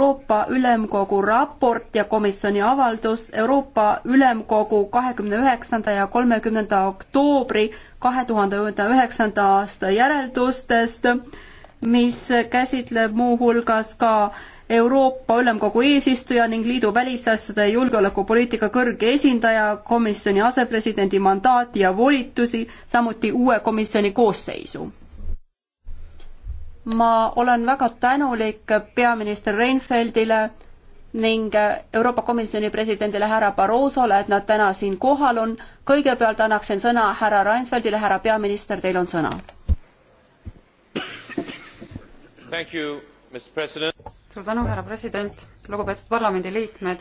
Euroopa Ülemkogu raport ja komisjoni avaldus Euroopa Ülemkogu kahekümne üheksanda ja kolmekümnenda oktoobri kahe tuhande üheksanda aasta järeldustest, mis käsitleb muuhulgas ka Euroopa Ülemkogu eesistuja ning liidu välisasjade ja julgeolekupoliitika kõrge esindaja, komisjoni asepresidendi mandaati ja volitusi, samuti uue komisjoni koosseisu ma olen väga tänulik peaminister Reinfeldile ning Euroopa Komisjoni presidendile härra Barrosole, et nad täna siin kohal on. kõigepealt annaksin sõna härra Reinfeldile, härra peaminister, teil on sõna. suur tänu, härra president, lugupeetud parlamendiliikmed.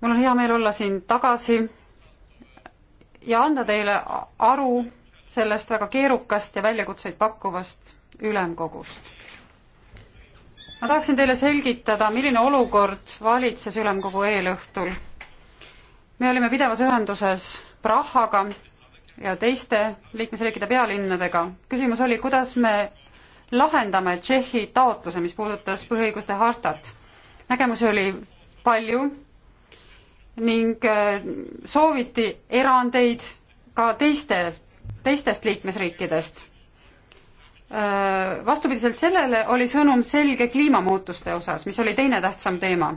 mul on hea meel olla siin tagasi ja anda teile aru sellest väga keerukast ja väljakutseid pakkuvast ülemkogust. ma tahaksin teile selgitada, milline olukord valitses ülemkogu eelõhtul. me olime pidevas ühenduses Prahaga ja teiste liikmesriikide pealinnadega. küsimus oli, kuidas me lahendame Tšehhi taotluse, mis puudutas põhiõiguste hartat. nägemusi oli palju ning äh, sooviti erandeid ka teiste teistest liikmesriikidest. Vastupidiselt sellele oli sõnum selge kliimamuutuste osas, mis oli teine tähtsam teema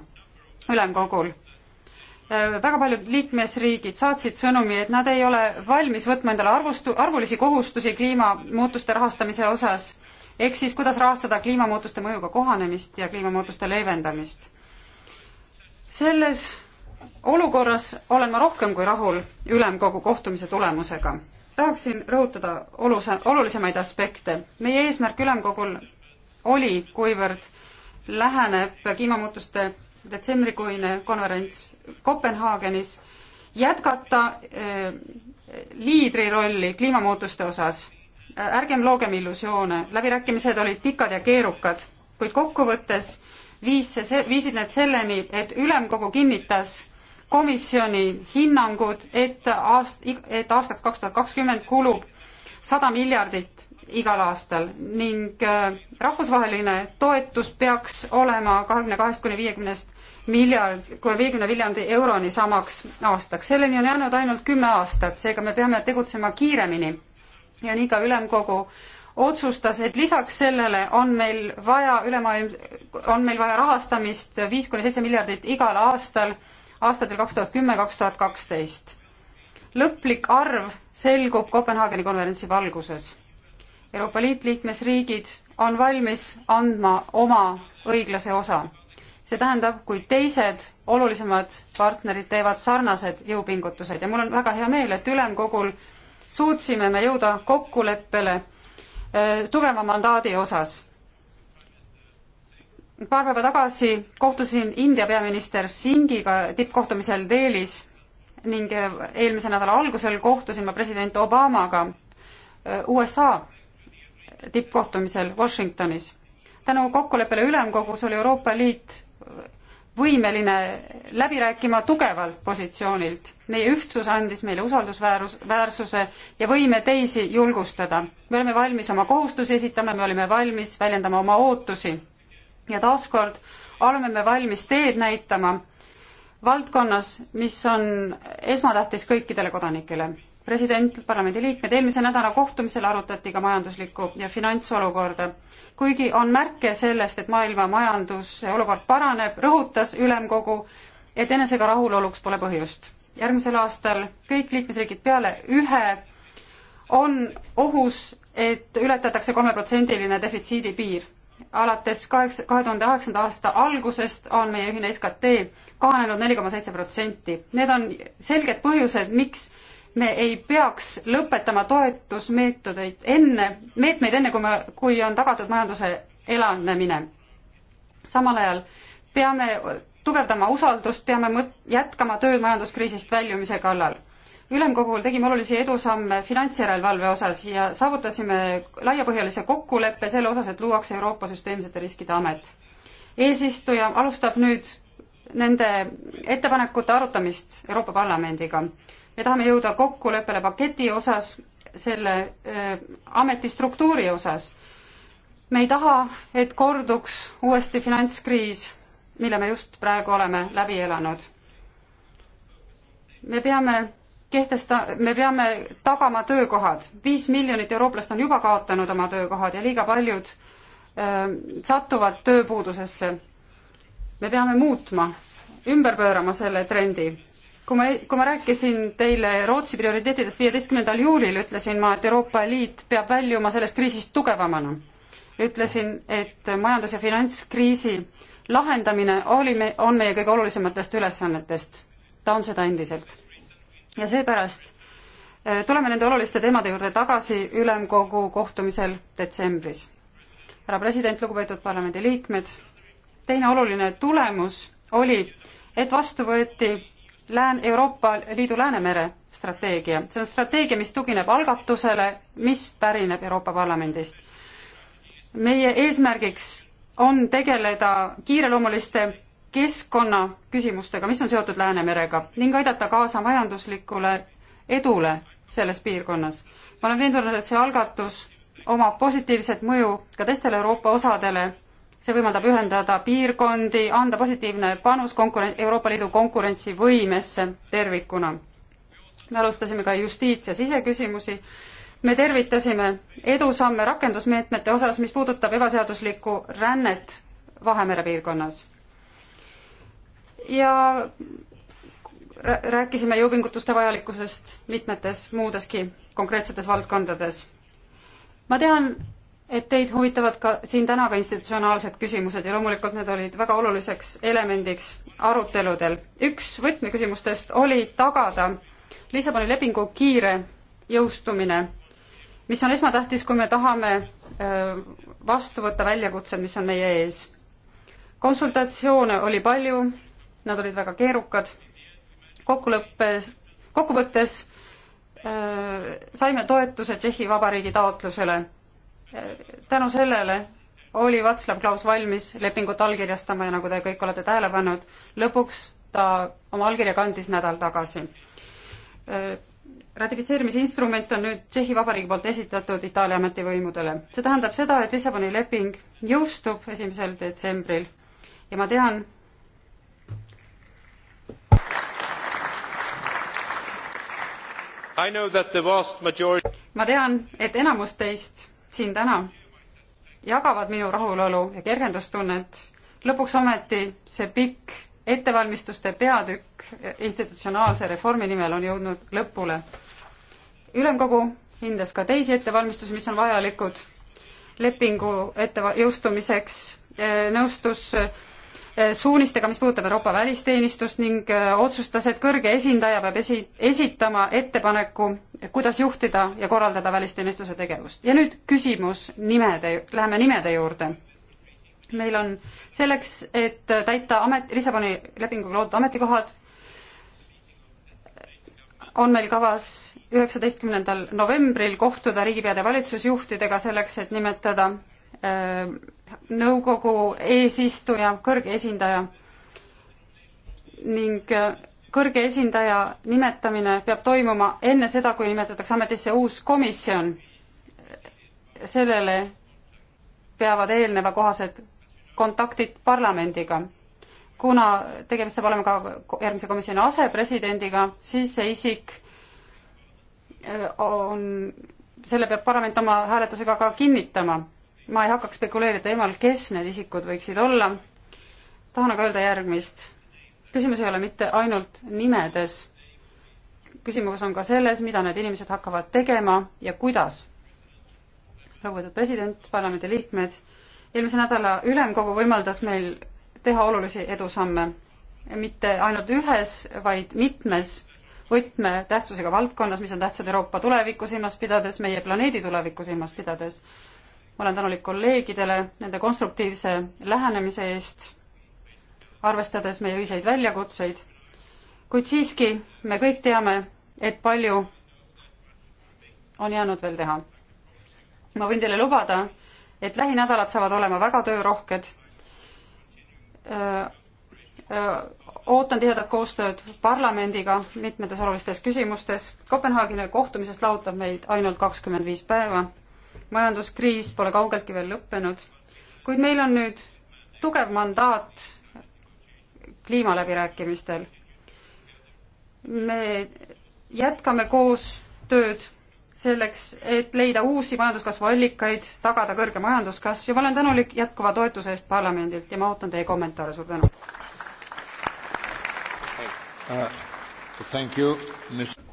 ülemkogul. väga paljud liikmesriigid saatsid sõnumi, et nad ei ole valmis võtma endale arvustu, arvulisi kohustusi kliimamuutuste rahastamise osas, ehk siis kuidas rahastada kliimamuutuste mõjuga kohanemist ja kliimamuutuste leevendamist. selles olukorras olen ma rohkem kui rahul ülemkogu kohtumise tulemusega tahaksin rõhutada oluse, olulisemaid aspekte. meie eesmärk ülemkogul oli, kuivõrd läheneb kliimamuutuste detsembrikuine konverents Kopenhaagenis, jätkata eh, liidri rolli kliimamuutuste osas. ärgem loogem illusioone, läbirääkimised olid pikad ja keerukad, kuid kokkuvõttes viis see, viisid need selleni, et ülemkogu kinnitas komisjoni hinnangud, et aast-, et aastaks kaks tuhat kakskümmend kulub sada miljardit igal aastal ning äh, rahvusvaheline toetus peaks olema kahekümne kahest kuni viiekümnest miljard, viiekümne miljardi euroni samaks aastaks. selleni on jäänud ainult kümme aastat, seega me peame tegutsema kiiremini. ja nii ka ülemkogu otsustas, et lisaks sellele on meil vaja ülemaailm, on meil vaja rahastamist viis kuni seitse miljardit igal aastal aastatel kaks tuhat kümme, kaks tuhat kaksteist. lõplik arv selgub Kopenhaageni konverentsi valguses. Euroopa Liit liikmesriigid on valmis andma oma õiglase osa. see tähendab, kui teised olulisemad partnerid teevad sarnased jõupingutused ja mul on väga hea meel, et ülemkogul suutsime me jõuda kokkuleppele eh, tugeva mandaadi osas paar päeva tagasi kohtusin India peaminister Singiga tippkohtumisel Delhis ning eelmise nädala algusel kohtusin ma president Obamaga äh, USA tippkohtumisel Washingtonis. tänu kokkuleppele ülemkogus oli Euroopa Liit võimeline läbi rääkima tugevalt positsioonilt. meie ühtsus andis meile usaldusväärsuse ja võime teisi julgustada. me oleme valmis oma kohustusi esitama, me olime valmis väljendama oma ootusi ja taaskord oleme me valmis teed näitama valdkonnas, mis on esmatähtis kõikidele kodanikele. president, parlamendiliikmed, eelmise nädala kohtumisel arutati ka majanduslikku ja finantsolukorda. kuigi on märke sellest, et maailma majanduse olukord paraneb, rõhutas ülemkogu, et enesega rahuloluks pole põhjust. järgmisel aastal kõik liikmesriigid peale ühe on ohus, et ületatakse kolmeprotsendiline defitsiidi piir alates kaheksa, kahe tuhande kaheksanda aasta algusest on meie ühine SKT kahanenud neli koma seitse protsenti. Need on selged põhjused, miks me ei peaks lõpetama toetusmeetodeid enne, meetmeid enne, kui me, kui on tagatud majanduse elanemine. samal ajal peame tugevdama usaldust, peame mõt-, jätkama tööd majanduskriisist väljumise kallal ülemkogul tegime olulisi edusamme finantsjärelevalve osas ja saavutasime laiapõhjalise kokkuleppe selle osas, et luuakse Euroopa Süsteemsete Riskide Amet. eesistuja alustab nüüd nende ettepanekute arutamist Euroopa Parlamendiga. me tahame jõuda kokkuleppele paketi osas, selle äh, ameti struktuuri osas. me ei taha, et korduks uuesti finantskriis, mille me just praegu oleme läbi elanud. me peame kehtesta-, me peame tagama töökohad. viis miljonit eurooplast on juba kaotanud oma töökohad ja liiga paljud öö, ähm, satuvad tööpuudusesse. me peame muutma, ümber pöörama selle trendi. kui ma, kui ma rääkisin teile Rootsi prioriteetidest viieteistkümnendal juulil, ütlesin ma, et Euroopa Liit peab väljuma sellest kriisist tugevamana. ütlesin, et majandus- ja finantskriisi lahendamine oli me, on meie kõige olulisematest ülesannetest. ta on seda endiselt ja seepärast äh, tuleme nende oluliste teemade juurde tagasi ülemkogu kohtumisel detsembris. härra president, lugupeetud parlamendiliikmed, teine oluline tulemus oli, et vastu võeti Lään-, Euroopa Liidu Läänemere strateegia. see on strateegia, mis tugineb algatusele, mis pärineb Euroopa Parlamendist. meie eesmärgiks on tegeleda kiireloomuliste keskkonnaküsimustega, mis on seotud Läänemerega ning aidata kaasa majanduslikule edule selles piirkonnas. ma olen veendunud, et see algatus omab positiivset mõju ka teistele Euroopa osadele, see võimaldab ühendada piirkondi, anda positiivne panus konkuren-, Euroopa Liidu konkurentsivõimesse tervikuna. me alustasime ka justiits- ja siseküsimusi, me tervitasime edusamme rakendusmeetmete osas, mis puudutab ebaseaduslikku rännet Vahemere piirkonnas ja rääkisime jõupingutuste vajalikkusest mitmetes muudeski konkreetsetes valdkondades. ma tean, et teid huvitavad ka siin täna ka institutsionaalsed küsimused ja loomulikult need olid väga oluliseks elemendiks aruteludel. üks võtmeküsimustest oli tagada Lissaboni lepingu kiire jõustumine, mis on esmatähtis, kui me tahame vastu võtta väljakutsed, mis on meie ees. konsultatsioone oli palju nad olid väga keerukad. kokkulõppes, kokkuvõttes äh, saime toetuse Tšehhi Vabariigi taotlusele. Äh, tänu sellele oli Václav Klaus valmis lepingut allkirjastama ja nagu te kõik olete tähele pannud, lõpuks ta oma allkirja kandis nädal tagasi äh, ratifitseerimisinstrument on nüüd Tšehhi Vabariigi poolt esitatud Itaalia ametivõimudele. see tähendab seda, et Lissaboni leping jõustub esimesel detsembril ja ma tean, Majority... ma tean, et enamus teist siin täna jagavad minu rahulolu ja kergendustunnet. lõpuks ometi see pikk ettevalmistuste peatükk institutsionaalse reformi nimel on jõudnud lõpule. ülemkogu hindas ka teisi ettevalmistusi, mis on vajalikud lepingu ette, jõustumiseks, eh, nõustus Äh, suunistega, mis puudutab Euroopa välisteenistust ning äh, otsustas, et kõrge esindaja peab esi, esitama ettepaneku, kuidas juhtida ja korraldada välisteenistuse tegevust. ja nüüd küsimus nimede, läheme nimede juurde. meil on selleks, et täita amet, Lissaboni lepinguga loodud ametikohad, on meil kavas üheksateistkümnendal novembril kohtuda riigipeade valitsusjuhtidega selleks, et nimetada öö, äh, nõukogu eesistuja, kõrge esindaja ning äh, kõrge esindaja nimetamine peab toimuma enne seda, kui nimetatakse ametisse uus komisjon. sellele peavad eelneva kohased kontaktid parlamendiga. kuna tegemist saab olema ka järgmise komisjoni asepresidendiga, siis see isik äh, on, selle peab parlament oma hääletusega ka kinnitama ma ei hakkaks spekuleerida teemal, kes need isikud võiksid olla. tahan aga öelda järgmist. küsimus ei ole mitte ainult nimedes. küsimus on ka selles, mida need inimesed hakkavad tegema ja kuidas. lugupeetud president, parlamendi liikmed, eelmise nädala ülemkogu võimaldas meil teha olulisi edusamme mitte ainult ühes, vaid mitmes võtmetähtsusega valdkonnas, mis on tähtsad Euroopa tulevikku silmas pidades, meie planeedi tulevikku silmas pidades ma olen tänulik kolleegidele nende konstruktiivse lähenemise eest, arvestades meie ühiseid väljakutseid, kuid siiski me kõik teame, et palju on jäänud veel teha. ma võin teile lubada, et lähinädalad saavad olema väga töörohked. ootan tihedat koostööd parlamendiga mitmetes olulistes küsimustes. Kopenhaageni kohtumisest lahutab meid ainult kakskümmend viis päeva majanduskriis pole kaugeltki veel lõppenud, kuid meil on nüüd tugev mandaat kliimaläbirääkimistel. me jätkame koos tööd selleks, et leida uusi majanduskasvu allikaid, tagada kõrge majanduskasv ja ma olen tänulik jätkuva toetuse eest parlamendilt ja ma ootan teie kommentaare, suur tänu uh,.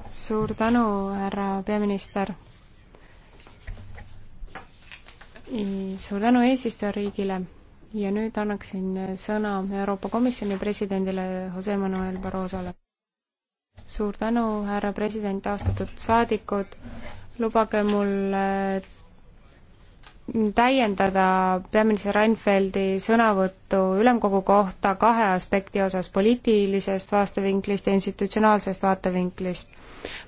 suur tänu, härra peaminister suur tänu eesistujariigile ja nüüd annaksin sõna Euroopa Komisjoni presidendile Jose Manuel Barrosole. suur tänu, härra president, austatud saadikud, lubage mul äh, täiendada peaminister Reinfeldti sõnavõttu ülemkogu kohta kahe aspekti osas, poliitilisest vaatevinklist ja institutsionaalsest vaatevinklist.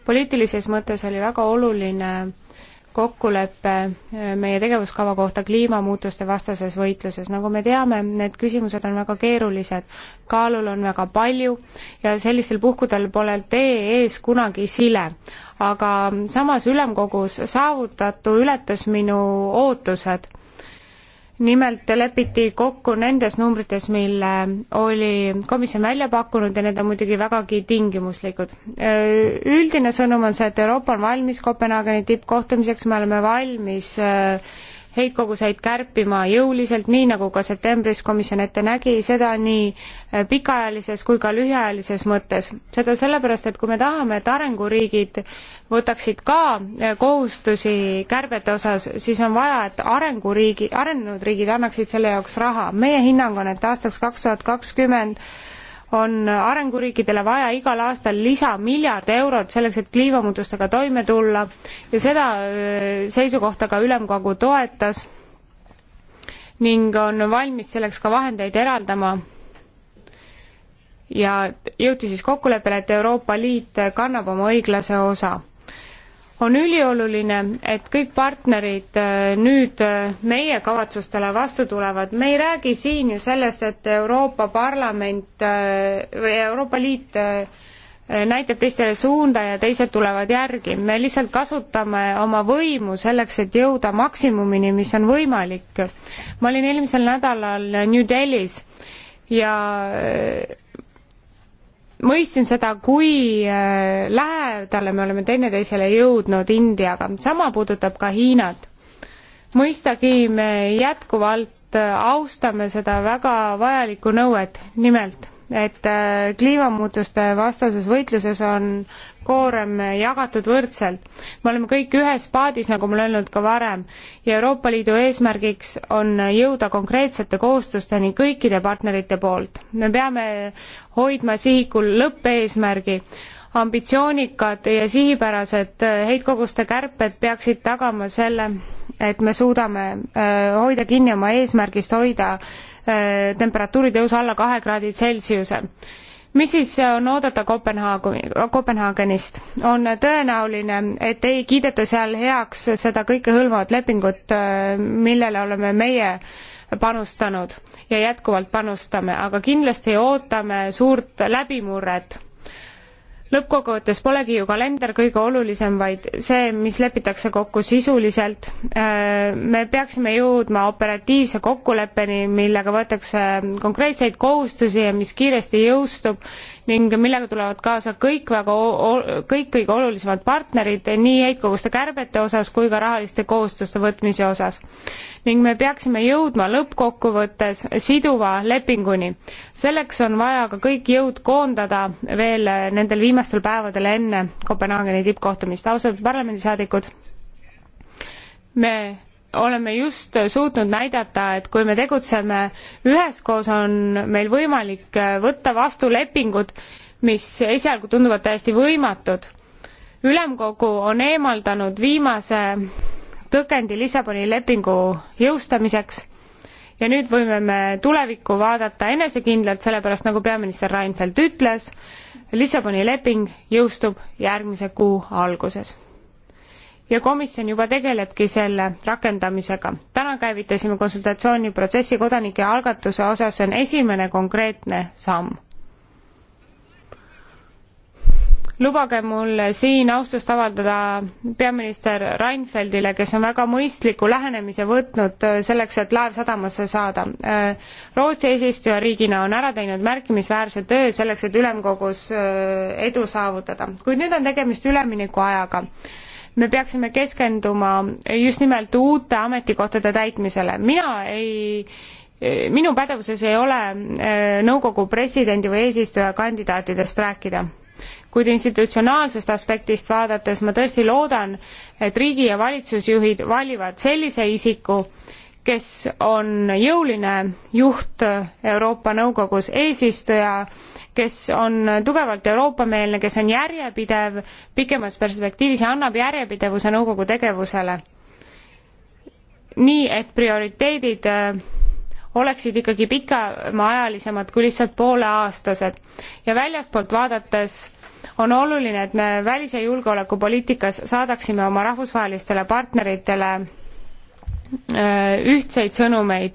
poliitilises mõttes oli väga oluline kokkulepe äh, meie tegevuskava kohta kliimamuutuste vastases võitluses. nagu me teame, need küsimused on väga keerulised, kaalul on väga palju ja sellistel puhkudel pole tee ees kunagi sile. aga samas ülemkogus saavutatu ületas minu ootused nimelt lepiti kokku nendes numbrites, mille oli komisjon välja pakkunud ja need on muidugi vägagi tingimuslikud. Üldine sõnum on see, et Euroopa on valmis Kopenhaageni tippkohtumiseks, me oleme valmis äh, heitkoguseid kärpima jõuliselt, nii nagu ka septembris komisjon ette nägi, seda nii eh, pikaajalises kui ka lühiajalises mõttes. seda sellepärast, et kui me tahame, et arenguriigid võtaksid ka eh, kohustusi kärbete osas, siis on vaja, et arenguriigi, arenenud riigid annaksid selle jaoks raha. meie hinnang on, et aastaks kaks tuhat kakskümmend on arenguriikidele vaja igal aastal lisa miljard eurot selleks, et kliimamuutustega toime tulla ja seda seisukohta ka ülemkogu toetas ning on valmis selleks ka vahendeid eraldama. ja jõuti siis kokkuleppele, et Euroopa Liit kannab oma õiglase osa on ülioluline, et kõik partnerid äh, nüüd äh, meie kavatsustele vastu tulevad. me ei räägi siin ju sellest, et Euroopa Parlament äh, või Euroopa Liit näitab teistele suunda ja teised tulevad järgi. me lihtsalt kasutame oma võimu selleks, et jõuda maksimumini, mis on võimalik. ma olin eelmisel nädalal New Delhis ja mõistsin seda, kui äh, lähedale me oleme teineteisele jõudnud Indiaga, sama puudutab ka Hiinat. mõistagi me jätkuvalt äh, austame seda väga vajalikku nõuet, nimelt et äh, kliimamuutuste vastases võitluses on koorem jagatud võrdselt. me oleme kõik ühes paadis, nagu ma olen öelnud ka varem, ja Euroopa Liidu eesmärgiks on jõuda konkreetsete kohustusteni kõikide partnerite poolt. me peame hoidma sihikul lõppeesmärgi, ambitsioonikad ja sihipärased äh, heitkoguste kärped peaksid tagama selle, et me suudame äh, hoida kinni oma eesmärgist hoida Eh, temperatuuri tõus alla kahe kraadi Celsiuse mis siis on oodata Kopenhaageni, Kopenhaagenist? on tõenäoline, et ei kiideta seal heaks seda kõikehõlmavat lepingut, eh, millele oleme meie panustanud ja jätkuvalt panustame, aga kindlasti ootame suurt läbimurret lõppkokkuvõttes polegi ju kalender kõige olulisem, vaid see, mis lepitakse kokku sisuliselt. Äh, me peaksime jõudma operatiivse kokkuleppeni, millega võetakse konkreetseid kohustusi ja mis kiiresti jõustub ning millega tulevad kaasa kõik väga, kõik kõige olulisemad partnerid nii heitkoguste kärbete osas kui ka rahaliste kohustuste võtmise osas. ning me peaksime jõudma lõppkokkuvõttes siduva lepinguni. selleks on vaja ka kõik jõud koondada veel nendel viimastel päevadel enne Kopenhaageni tippkohtumist. austatud parlamendisaadikud, me oleme just suutnud näidata, et kui me tegutseme üheskoos, on meil võimalik äh, võtta vastu lepingud, mis esialgu tunduvad täiesti võimatud. ülemkogu on eemaldanud viimase tõkendi Lissaboni lepingu jõustamiseks ja nüüd võime me tulevikku vaadata enesekindlalt, sellepärast nagu peaminister Reinfeldt ütles, Lissaboni leping jõustub järgmise kuu alguses ja komisjon juba tegelebki selle rakendamisega. täna käivitasime konsultatsiooniprotsessi kodanike algatuse osas, see on esimene konkreetne samm. lubage mul siin austust avaldada peaminister Reinfeldile, kes on väga mõistliku lähenemise võtnud äh, selleks, et laev sadamasse saada. Äh, Rootsi eesistujariigina on ära teinud märkimisväärse töö selleks, et ülemkogus äh, edu saavutada, kuid nüüd on tegemist üleminekuajaga me peaksime keskenduma just nimelt uute ametikohtade täitmisele. mina ei minu pädevuses ei ole äh, nõukogu presidendi või eesistuja kandidaatidest rääkida. kuid institutsionaalsest aspektist vaadates ma tõesti loodan, et riigi- ja valitsusjuhid valivad sellise isiku, kes on jõuline juht Euroopa Nõukogus, eesistuja kes on tugevalt Euroopa-meelne, kes on järjepidev pikemas perspektiivis ja annab järjepidevuse nõukogu tegevusele. nii et prioriteedid äh, oleksid ikkagi pikemaajalisemad kui lihtsalt pooleaastased ja väljastpoolt vaadates on oluline, et me välis- ja julgeolekupoliitikas saadaksime oma rahvusvahelistele partneritele äh, ühtseid sõnumeid.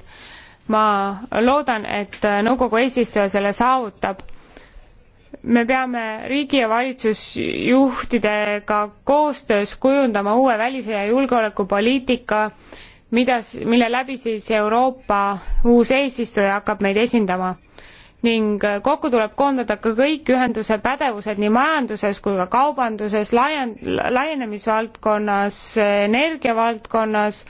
ma loodan, et nõukogu eesistuja selle saavutab me peame riigi ja valitsusjuhtidega koostöös kujundama uue välise ja julgeolekupoliitika, mida, mille läbi siis Euroopa uus eesistuja hakkab meid esindama ning äh, kokku tuleb koondada ka kõik ühenduse pädevused nii majanduses kui ka kaubanduses, laien-, laienemisvaldkonnas, energiavaldkonnas,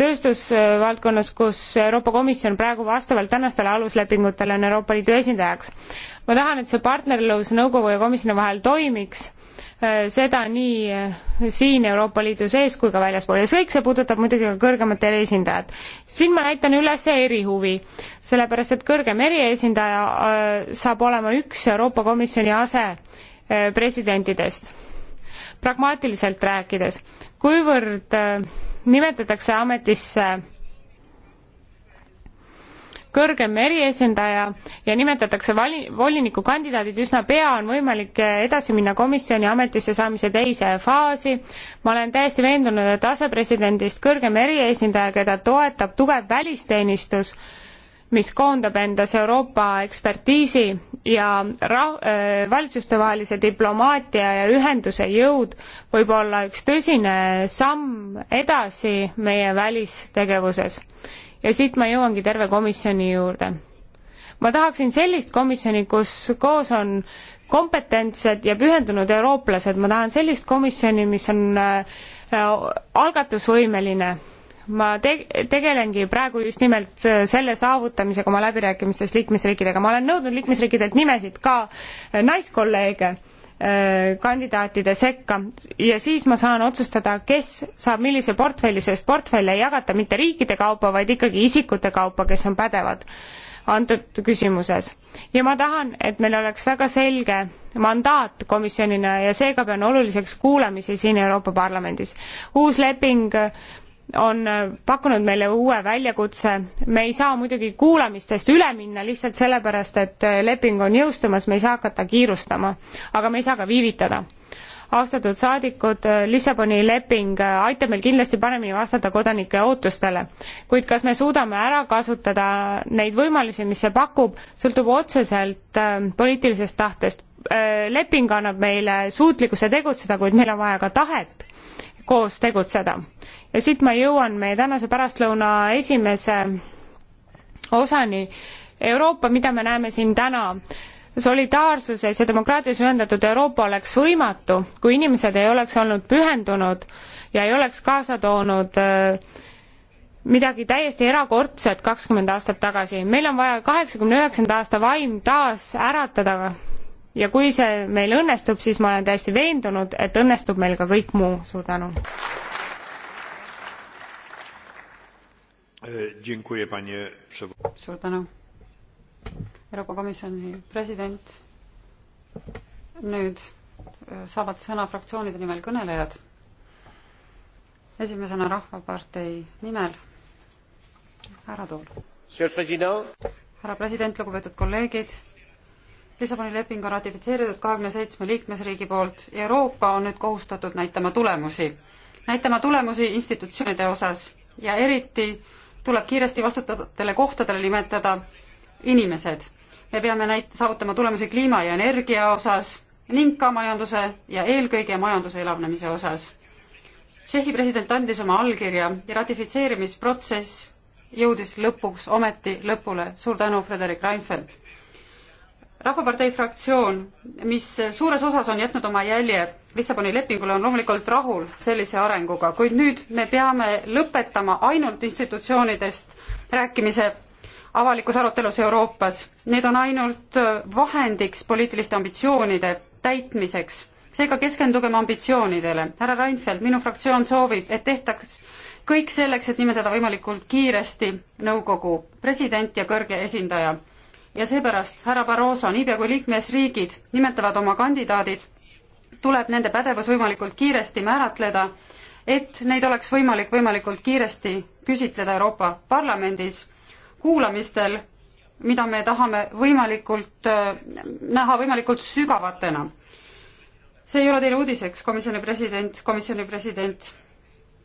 tööstusvaldkonnas, kus Euroopa Komisjon praegu vastavalt tänastele aluslepingutele on Euroopa Liidu esindajaks. ma tahan, et see partnerlus nõukogu ja komisjoni vahel toimiks, äh, seda nii äh, siin Euroopa Liidu sees kui ka väljaspool ja see kõik, see puudutab muidugi ka kõrgemat eriesindajat. siin ma näitan üles erihuvi, sellepärast et kõrgem eriesindaja äh, saab olema üks Euroopa Komisjoni asepresidentidest. pragmaatiliselt rääkides, kuivõrd äh, nimetatakse ametisse kõrgem eriesindaja ja nimetatakse vali-, volinikukandidaadid üsna pea, on võimalik edasi minna komisjoni ametisse saamise teise faasi. ma olen täiesti veendunud, et asepresidendist kõrgem eriesindaja, keda toetab tugev välisteenistus, mis koondab endas Euroopa ekspertiisi ja ra-, äh, valitsustevahelise diplomaatia ja ühenduse jõud võib olla üks tõsine samm edasi meie välistegevuses. ja siit ma jõuangi terve komisjoni juurde. ma tahaksin sellist komisjoni, kus koos on kompetentsed ja pühendunud eurooplased, ma tahan sellist komisjoni, mis on äh, algatusvõimeline ma te-, tegelengi praegu just nimelt äh, selle saavutamisega oma läbirääkimistes liikmesriikidega, ma olen nõudnud liikmesriikidelt nimesid ka äh, naiskolleege äh, kandidaatide sekka ja siis ma saan otsustada, kes saab millise portfelli, sest portfelle ei jagata mitte riikide kaupa, vaid ikkagi isikute kaupa, kes on pädevad antud küsimuses. ja ma tahan, et meil oleks väga selge mandaat komisjonina ja seega pean oluliseks kuulamisi siin Euroopa Parlamendis. uus leping äh, on pakkunud meile uue väljakutse. me ei saa muidugi kuulamistest üle minna lihtsalt sellepärast, et leping on jõustumas, me ei saa hakata kiirustama, aga me ei saa ka viivitada. austatud saadikud, Lissaboni leping aitab meil kindlasti paremini vastata kodanike ootustele, kuid kas me suudame ära kasutada neid võimalusi, mis see pakub, sõltub otseselt äh, poliitilisest tahtest. Äh, leping annab meile suutlikkuse tegutseda, kuid meil on vaja ka tahet koos tegutseda. ja siit ma jõuan meie tänase pärastlõuna esimese osani. Euroopa, mida me näeme siin täna, solidaarsuses ja demokraatias ühendatud Euroopa oleks võimatu, kui inimesed ei oleks olnud pühendunud ja ei oleks kaasa toonud äh, midagi täiesti erakordset kakskümmend aastat tagasi. meil on vaja kaheksakümne üheksanda aasta vaim taas äratada ja kui see meil õnnestub, siis ma olen täiesti veendunud, et õnnestub meil ka kõik muu, suur tänu. Eh, suur tänu. Euroopa Komisjoni president, nüüd eh, saavad sõna fraktsioonide nimel kõnelejad. esimesena Rahvapartei nimel härra Tool. härra president, lugupeetud kolleegid Lissaboni leping on ratifitseeritud kahekümne seitsme liikmesriigi poolt. Euroopa on nüüd kohustatud näitama tulemusi, näitama tulemusi institutsioonide osas ja eriti tuleb kiiresti vastutavatele kohtadele nimetada inimesed. me peame näit-, saavutama tulemusi kliima ja energia osas ning ka majanduse ja eelkõige majanduse elavnemise osas. Tšehhi president andis oma allkirja ja ratifitseerimisprotsess jõudis lõpuks ometi lõpule. suur tänu, Frederik Reinfeldt! rahvapartei fraktsioon, mis suures osas on jätnud oma jälje Lissaboni lepingule, on loomulikult rahul sellise arenguga, kuid nüüd me peame lõpetama ainult institutsioonidest rääkimise avalikus arutelus Euroopas. Need on ainult vahendiks poliitiliste ambitsioonide täitmiseks. seega keskendugem ambitsioonidele. härra Reinfeldt, minu fraktsioon soovib, et tehtaks kõik selleks, et nimetada võimalikult kiiresti nõukogu president ja kõrge esindaja ja seepärast, härra Barroso, niipea kui liikmesriigid nimetavad oma kandidaadid, tuleb nende pädevus võimalikult kiiresti määratleda, et neid oleks võimalik võimalikult kiiresti küsitleda Euroopa Parlamendis kuulamistel, mida me tahame võimalikult äh, näha võimalikult sügavatena. see ei ole teile uudiseks, komisjoni president, komisjoni president,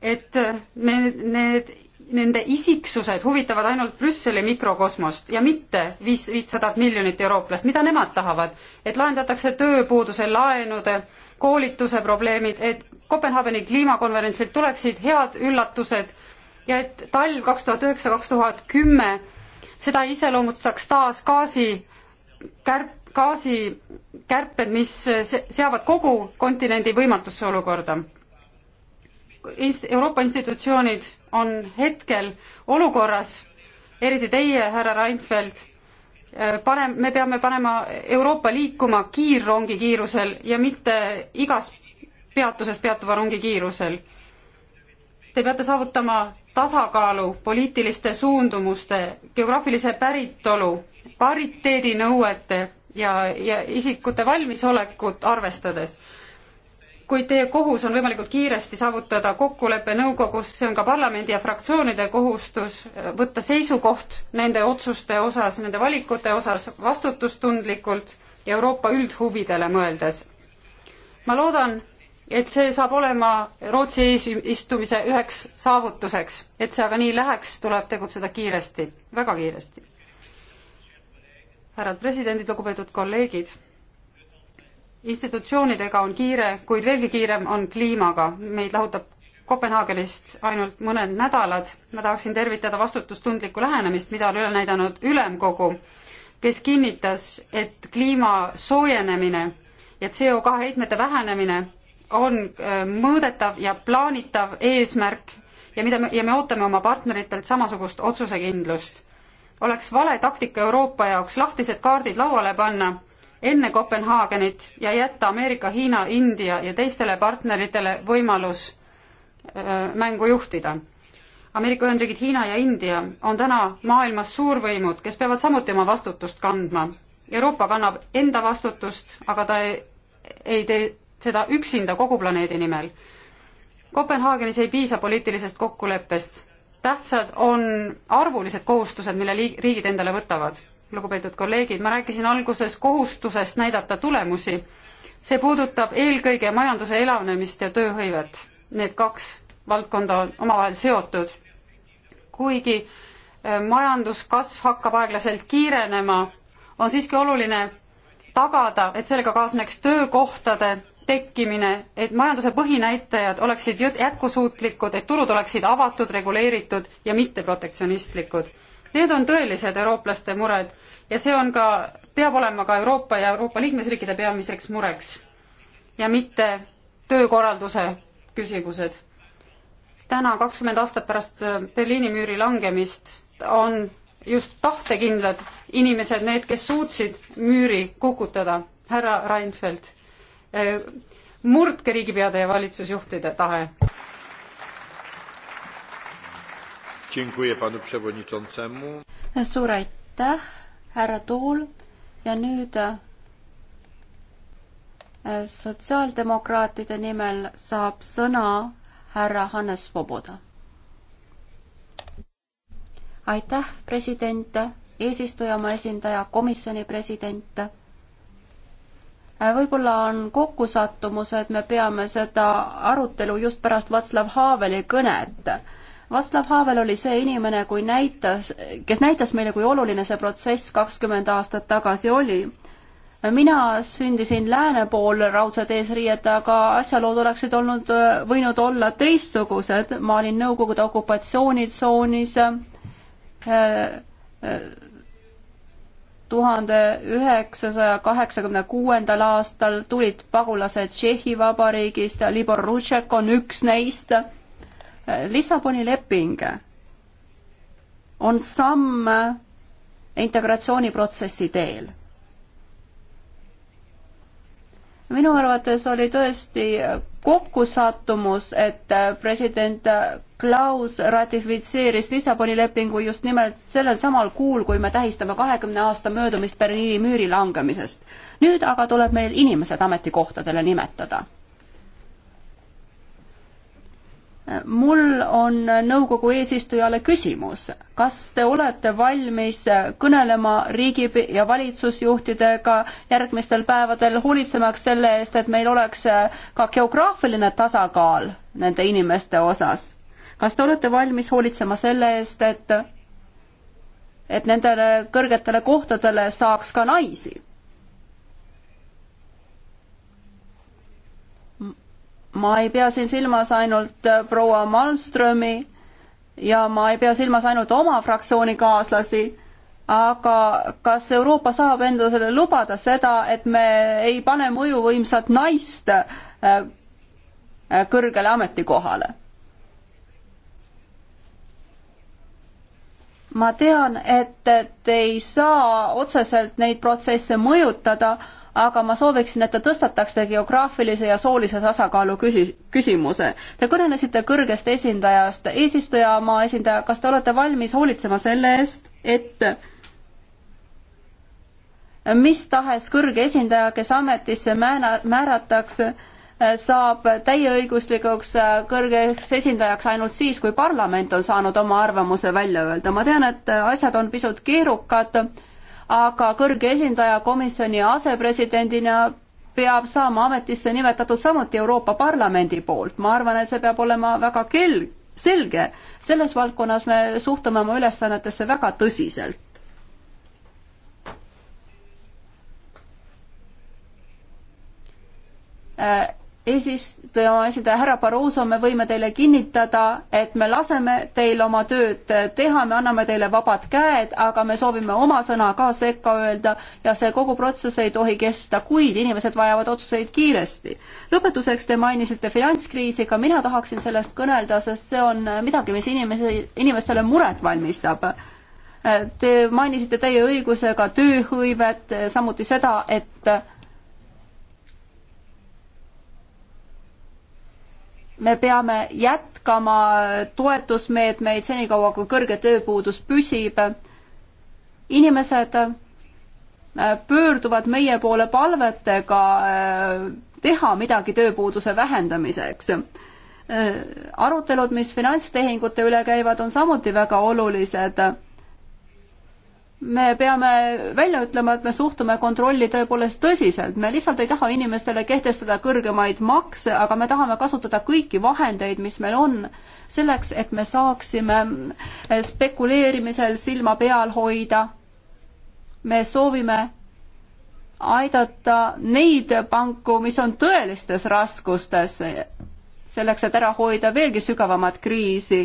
et need, need nende isiksused huvitavad ainult Brüsseli mikrokosmost ja mitte viis, viitsadat miljonit eurooplast, mida nemad tahavad, et lahendatakse tööpuuduse, laenude, koolituse probleemid, et Kopenhaageni kliimakonverentsilt tuleksid head üllatused ja et talv kaks tuhat üheksa, kaks tuhat kümme, seda iseloomustaks taas gaasi kärp, gaasikärped, mis seavad kogu kontinendi võimatusse olukorda. Euroopa institutsioonid on hetkel olukorras, eriti teie, härra Reinfeldt, äh, pane, me peame panema Euroopa liikuma kiirrongi kiirusel ja mitte igas peatuses peatuva rongi kiirusel. Te peate saavutama tasakaalu poliitiliste suundumuste, geograafilise päritolu, pariteedinõuete ja, ja isikute valmisolekut arvestades kuid teie kohus on võimalikult kiiresti saavutada kokkulepe nõukogus, see on ka parlamendi ja fraktsioonide kohustus äh, võtta seisukoht nende otsuste osas, nende valikute osas vastutustundlikult ja Euroopa üldhuvidele mõeldes. ma loodan, et see saab olema Rootsi eesistumise üheks saavutuseks, et see aga nii läheks, tuleb tegutseda kiiresti, väga kiiresti. härrad presidendid, lugupeetud kolleegid institutsioonidega on kiire, kuid veelgi kiirem on kliimaga. meid lahutab Kopenhaagenist ainult mõned nädalad. ma tahaksin tervitada vastutustundlikku lähenemist, mida on üle näidanud ülemkogu, kes kinnitas, et kliima soojenemine ja CO2 heitmete vähenemine on äh, mõõdetav ja plaanitav eesmärk ja mida me, ja me ootame oma partneritelt samasugust otsusekindlust. oleks vale taktika Euroopa jaoks lahtised kaardid lauale panna enne Kopenhaagenit ja jätta Ameerika, Hiina, India ja teistele partneritele võimalus mängu juhtida. Ameerika Ühendriigid, Hiina ja India on täna maailmas suurvõimud, kes peavad samuti oma vastutust kandma. Euroopa kannab enda vastutust, aga ta ei, ei tee seda üksinda kogu planeedi nimel. Kopenhaagenis ei piisa poliitilisest kokkuleppest. tähtsad on arvulised kohustused, mille liig-, riigid endale võtavad lugupeetud kolleegid, ma rääkisin alguses kohustusest näidata tulemusi. see puudutab eelkõige majanduse elavnemist ja tööhõivet. Need kaks valdkonda on omavahel seotud. kuigi eh, majanduskasv hakkab aeglaselt kiirenema, on siiski oluline tagada, et sellega kaasneks töökohtade tekkimine, et majanduse põhinäitajad oleksid jätkusuutlikud, et turud oleksid avatud, reguleeritud ja mitte protektsionistlikud Need on tõelised eurooplaste mured ja see on ka, peab olema ka Euroopa ja Euroopa liikmesriikide peamiseks mureks ja mitte töökorralduse küsimused. täna, kakskümmend aastat pärast äh, Berliini müüri langemist on just tahtekindlad inimesed need, kes suutsid müüri kukutada, härra Reinfeldt. Äh, murdke riigipeade ja valitsusjuhtide tahe suur aitäh, härra Tool ja nüüd eh, sotsiaaldemokraatide nimel saab sõna härra Hannes Svoboda. aitäh, president, eesistuja, oma esindaja, komisjoni president eh, võib-olla on kokkusattumus, et me peame seda arutelu just pärast Václav Haveli kõnet Václav Havel oli see inimene, kui näitas, kes näitas meile, kui oluline see protsess kakskümmend aastat tagasi oli. mina sündisin lääne pool raudset eesriiet, aga asjalood oleksid olnud, äh, võinud olla teistsugused, ma olin Nõukogude okupatsioonitsoonis äh, äh, tuhande üheksasaja kaheksakümne kuuendal aastal tulid pagulased Tšehhi Vabariigist, Libor Rutšek on üks neist Lissaboni leping on samm integratsiooniprotsessi teel. minu arvates oli tõesti kokkusattumus, et president Klaus ratifitseeris Lissaboni lepingu just nimelt sellel samal kuul, kui me tähistame kahekümne aasta möödumist Berliini müüri langemisest. nüüd aga tuleb meil inimesed ametikohtadele nimetada mul on nõukogu eesistujale küsimus, kas te olete valmis kõnelema riigi ja valitsusjuhtidega järgmistel päevadel, hoolitsemaks selle eest, et meil oleks ka geograafiline tasakaal nende inimeste osas? kas te olete valmis hoolitsema selle eest, et, et nendele kõrgetele kohtadele saaks ka naisi? ma ei pea siin silmas ainult äh, proua Malmströmi ja ma ei pea silmas ainult oma fraktsioonikaaslasi, aga kas Euroopa saab endale lubada seda, et me ei pane mõjuvõimsat naist äh, äh, kõrgele ametikohale? ma tean, et te ei saa otseselt neid protsesse mõjutada aga ma sooviksin, et te tõstataksite geograafilise ja soolise tasakaalu küsi-, küsimuse. Te kõnenesite kõrgest esindajast, eesistujamaa esindaja, kas te olete valmis hoolitsema selle eest, et mis tahes kõrge esindaja, kes ametisse määra-, määratakse, saab täieõiguslikuks äh, kõrgeks esindajaks ainult siis, kui parlament on saanud oma arvamuse välja öelda. ma tean, et asjad on pisut keerukad aga kõrge esindaja komisjoni asepresidendina peab saama ametisse nimetatud samuti Euroopa Parlamendi poolt. ma arvan, et see peab olema väga kel-, selge. selles valdkonnas me suhtume oma ülesannetesse väga tõsiselt. Äh, eesistuja, esindaja härra Barroso, me võime teile kinnitada, et me laseme teil oma tööd teha, me anname teile vabad käed, aga me soovime oma sõna ka sekka öelda ja see kogu protsess ei tohi kesta kuid, inimesed vajavad otsuseid kiiresti. lõpetuseks te mainisite finantskriisi, ka mina tahaksin sellest kõnelda, sest see on midagi, mis inimesi, inimestele muret valmistab. Te mainisite täie õigusega tööhõivet, samuti seda, et me peame jätkama toetusmeetmeid senikaua, kui kõrge tööpuudus püsib. inimesed äh, pöörduvad meie poole palvetega äh, teha midagi tööpuuduse vähendamiseks. Äh, arutelud, mis finantstehingute üle käivad, on samuti väga olulised me peame välja ütlema, et me suhtume kontrolli tõepoolest tõsiselt, me lihtsalt ei taha inimestele kehtestada kõrgemaid makse, aga me tahame kasutada kõiki vahendeid, mis meil on, selleks, et me saaksime eh, spekuleerimisel silma peal hoida. me soovime aidata neid panku, mis on tõelistes raskustes, selleks, et ära hoida veelgi sügavamat kriisi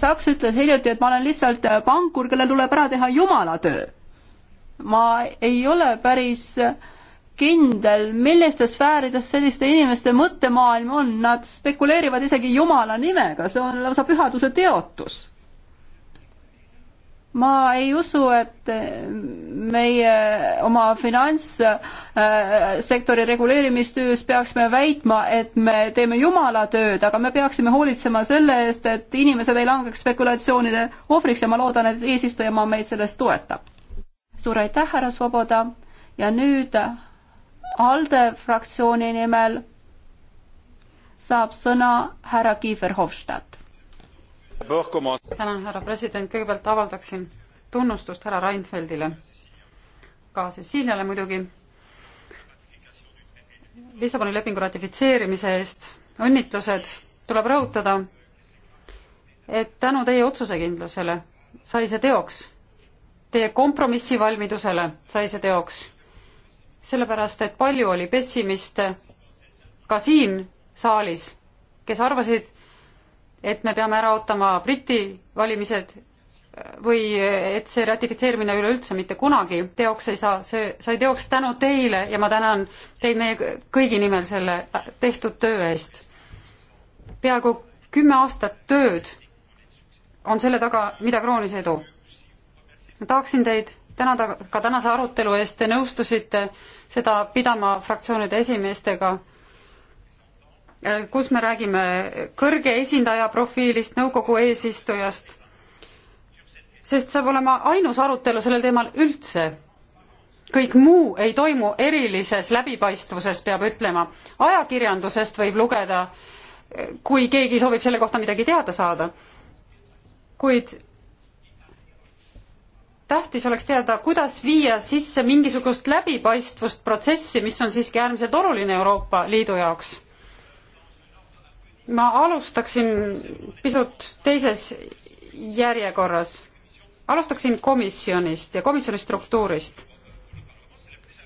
Saks ütles hiljuti, et ma olen lihtsalt pankur, kellel tuleb ära teha jumala töö. ma ei ole päris kindel, millistes sfäärides selliste inimeste mõttemaailm on, nad spekuleerivad isegi jumala nimega, see on lausa pühaduse teotus ma ei usu, et meie oma finantssektori reguleerimistöös peaksime väitma, et me teeme jumala tööd, aga me peaksime hoolitsema selle eest, et inimesed ei langeks spekulatsioonide ohvriks ja ma loodan, et eesistujamaa meid selles toetab. suur aitäh, härra Svoboda ja nüüd ALDE fraktsiooni nimel saab sõna härra Kiefer Hofstadt tänan, härra president, kõigepealt avaldaksin tunnustust härra Reinfeldile, ka Ceciliale muidugi, Lissaboni lepingu ratifitseerimise eest, õnnitlused, tuleb rõhutada, et tänu teie otsusekindlusele sai see teoks, teie kompromissivalmidusele sai see teoks, sellepärast et palju oli pessimiste ka siin saalis, kes arvasid, et me peame ära ootama Briti valimised või et see ratifitseerimine üleüldse mitte kunagi teoks ei saa, see sai teoks tänu teile ja ma tänan teid meie kõigi nimel selle tehtud töö eest. peaaegu kümme aastat tööd on selle taga, mida kroonis edu. ma tahaksin teid tänada ka tänase arutelu eest, te nõustusite seda pidama fraktsioonide esimeestega Äh, kus me räägime kõrge esindaja profiilist, nõukogu eesistujast, sest saab olema ainus arutelu sellel teemal üldse. kõik muu ei toimu erilises läbipaistvuses, peab ütlema. ajakirjandusest võib lugeda, äh, kui keegi soovib selle kohta midagi teada saada. kuid tähtis oleks teada, kuidas viia sisse mingisugust läbipaistvust protsessi, mis on siiski äärmiselt oluline Euroopa Liidu jaoks ma alustaksin pisut teises järjekorras. alustaksin komisjonist ja komisjoni struktuurist.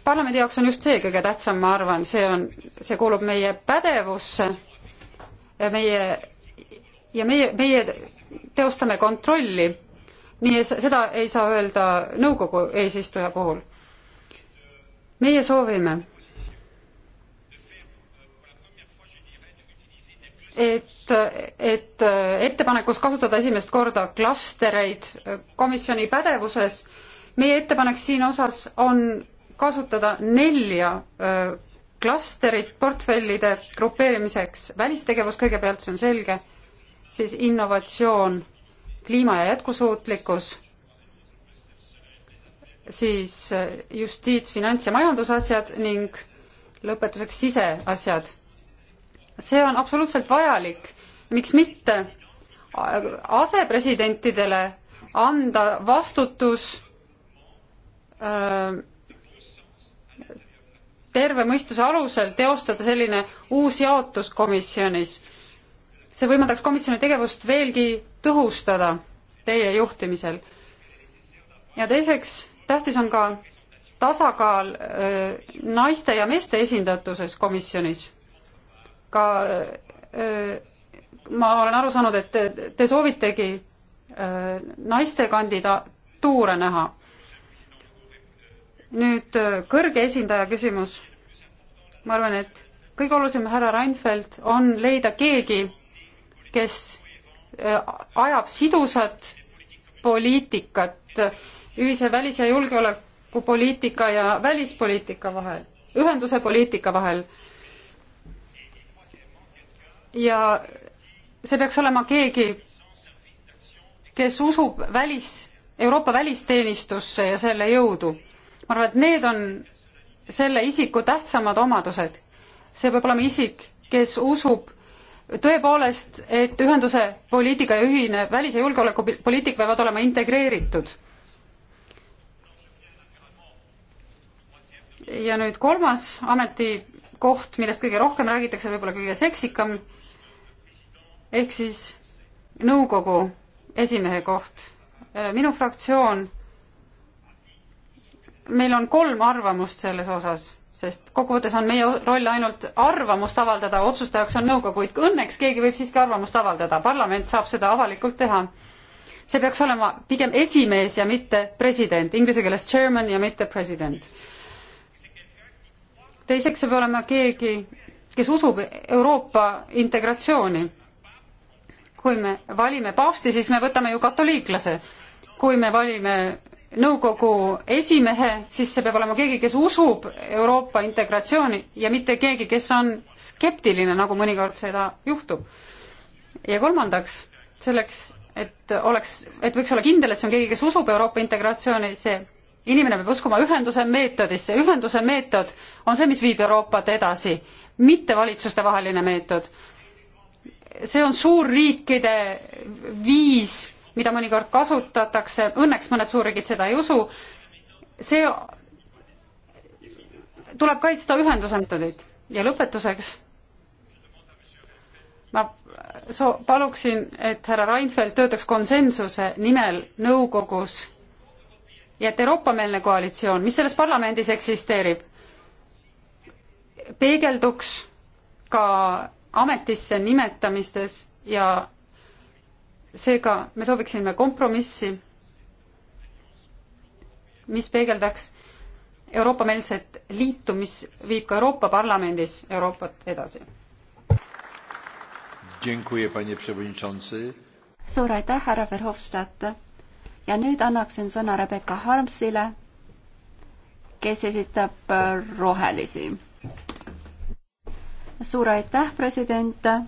parlamendi jaoks on just see kõige tähtsam, ma arvan, see on, see kuulub meie pädevusse, meie ja meie, meie teostame kontrolli. nii seda ei saa öelda nõukogu eesistuja puhul. meie soovime et, et ettepanekus kasutada esimest korda klastereid komisjoni pädevuses. meie ettepanek siin osas on kasutada nelja äh, klastrit portfellide grupeerimiseks. välistegevus kõigepealt, see on selge, siis innovatsioon, kliima ja jätkusuutlikkus, siis äh, justiits, finants ja majandusasjad ning lõpetuseks siseasjad see on absoluutselt vajalik, miks mitte asepresidentidele anda vastutus öö, äh, terve mõistuse alusel teostada selline uus jaotus komisjonis. see võimaldaks komisjoni tegevust veelgi tõhustada teie juhtimisel. ja teiseks, tähtis on ka tasakaal öö, äh, naiste ja meeste esindatuses komisjonis ka ma olen aru saanud, et te, te soovitegi naiste kandidatuure näha. nüüd kõrge esindaja küsimus. ma arvan, et kõige olulisem, härra Reinfeldt, on leida keegi, kes ajab sidusat poliitikat ühise välis- ja julgeolekupoliitika ja välispoliitika vahel, ühenduse poliitika vahel ja see peaks olema keegi, kes usub välis, Euroopa välisteenistusse ja selle jõudu. ma arvan, et need on selle isiku tähtsamad omadused. see peab olema isik, kes usub tõepoolest, et ühenduse poliitika ja ühine välis- ja julgeolekupoliitik peavad olema integreeritud. ja nüüd kolmas ametikoht, millest kõige rohkem räägitakse, võib-olla kõige seksikam ehk siis nõukogu esimehe koht. Äh, minu fraktsioon, meil on kolm arvamust selles osas, sest kokkuvõttes on meie roll ainult arvamust avaldada, otsustajaks on nõukogu, kuid õnneks keegi võib siiski arvamust avaldada, parlament saab seda avalikult teha. see peaks olema pigem esimees ja mitte president, inglise keeles chairman ja mitte president. teiseks, see peab olema keegi, kes usub Euroopa integratsiooni kui me valime paavsti, siis me võtame ju katoliiklase. kui me valime nõukogu esimehe, siis see peab olema keegi, kes usub Euroopa integratsiooni ja mitte keegi, kes on skeptiline, nagu mõnikord seda juhtub. ja kolmandaks, selleks, et oleks, et võiks olla kindel, et see on keegi, kes usub Euroopa integratsiooni, see inimene peab uskuma ühenduse meetodisse, ühenduse meetod on see, mis viib Euroopat edasi, mitte valitsustevaheline meetod see on suurriikide viis, mida mõnikord kasutatakse, õnneks mõned suurriigid seda ei usu, see tuleb kaitsta ühenduse meetodit ja lõpetuseks ma so-, paluksin, et härra Reinfeldt töötaks konsensuse nimel nõukogus ja et Euroopa-meelne koalitsioon, mis selles parlamendis eksisteerib, peegelduks ka ametisse nimetamistes ja seega me sooviksime kompromissi, mis peegeldaks Euroopa-meelset liitu, mis viib ka Euroopa Parlamendis Euroopat edasi. suur aitäh, härra Verhofstadt ja nüüd annaksin sõna Rebecca Harmsile, kes esitab äh, rohelisi suur aitäh, president. Äh,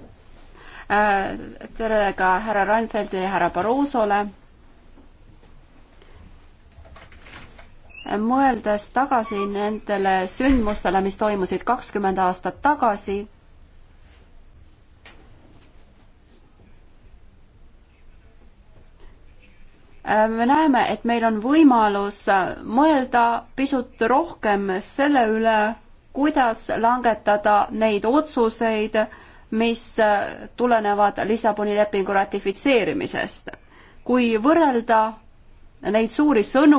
tere ka härra Reinfeldti ja härra Barrosole. mõeldes tagasi nendele sündmustele, mis toimusid kakskümmend aastat tagasi äh, me näeme, et meil on võimalus mõelda pisut rohkem selle üle, kuidas langetada neid otsuseid, mis tulenevad Lissaboni lepingu ratifitseerimisest. kui võrrelda neid suuri sõnu,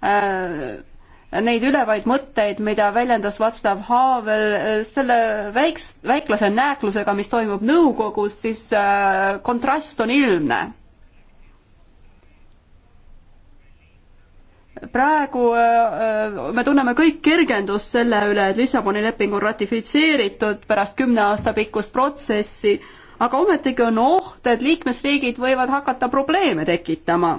äh, neid ülevaid mõtteid, mida väljendas Václav Havel äh, selle väiks-, väiklase nääklusega, mis toimub nõukogus, siis äh, kontrast on ilmne praegu äh, äh, me tunneme kõik kergendust selle üle, et Lissaboni leping on ratifitseeritud pärast kümne aasta pikkust protsessi, aga ometigi on oht, et liikmesriigid võivad hakata probleeme tekitama.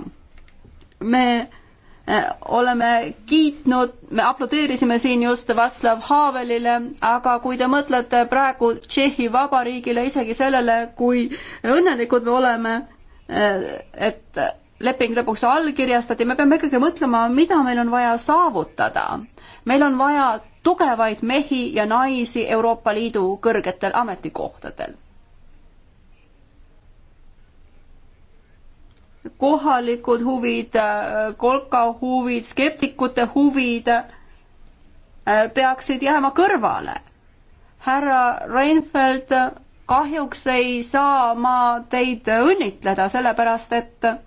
me äh, oleme kiitnud, me aplodeerisime siin just Václav Havelile, aga kui te mõtlete praegu Tšehhi Vabariigile, isegi sellele, kui õnnelikud me oleme, et leping lõpuks allkirjastati, me peame ikkagi mõtlema, mida meil on vaja saavutada. meil on vaja tugevaid mehi ja naisi Euroopa Liidu kõrgetel ametikohtadel. kohalikud huvid, kolka huvid, skeptikute huvid äh, peaksid jääma kõrvale. härra Reinfeldt, kahjuks ei saa ma teid õnnitleda, sellepärast et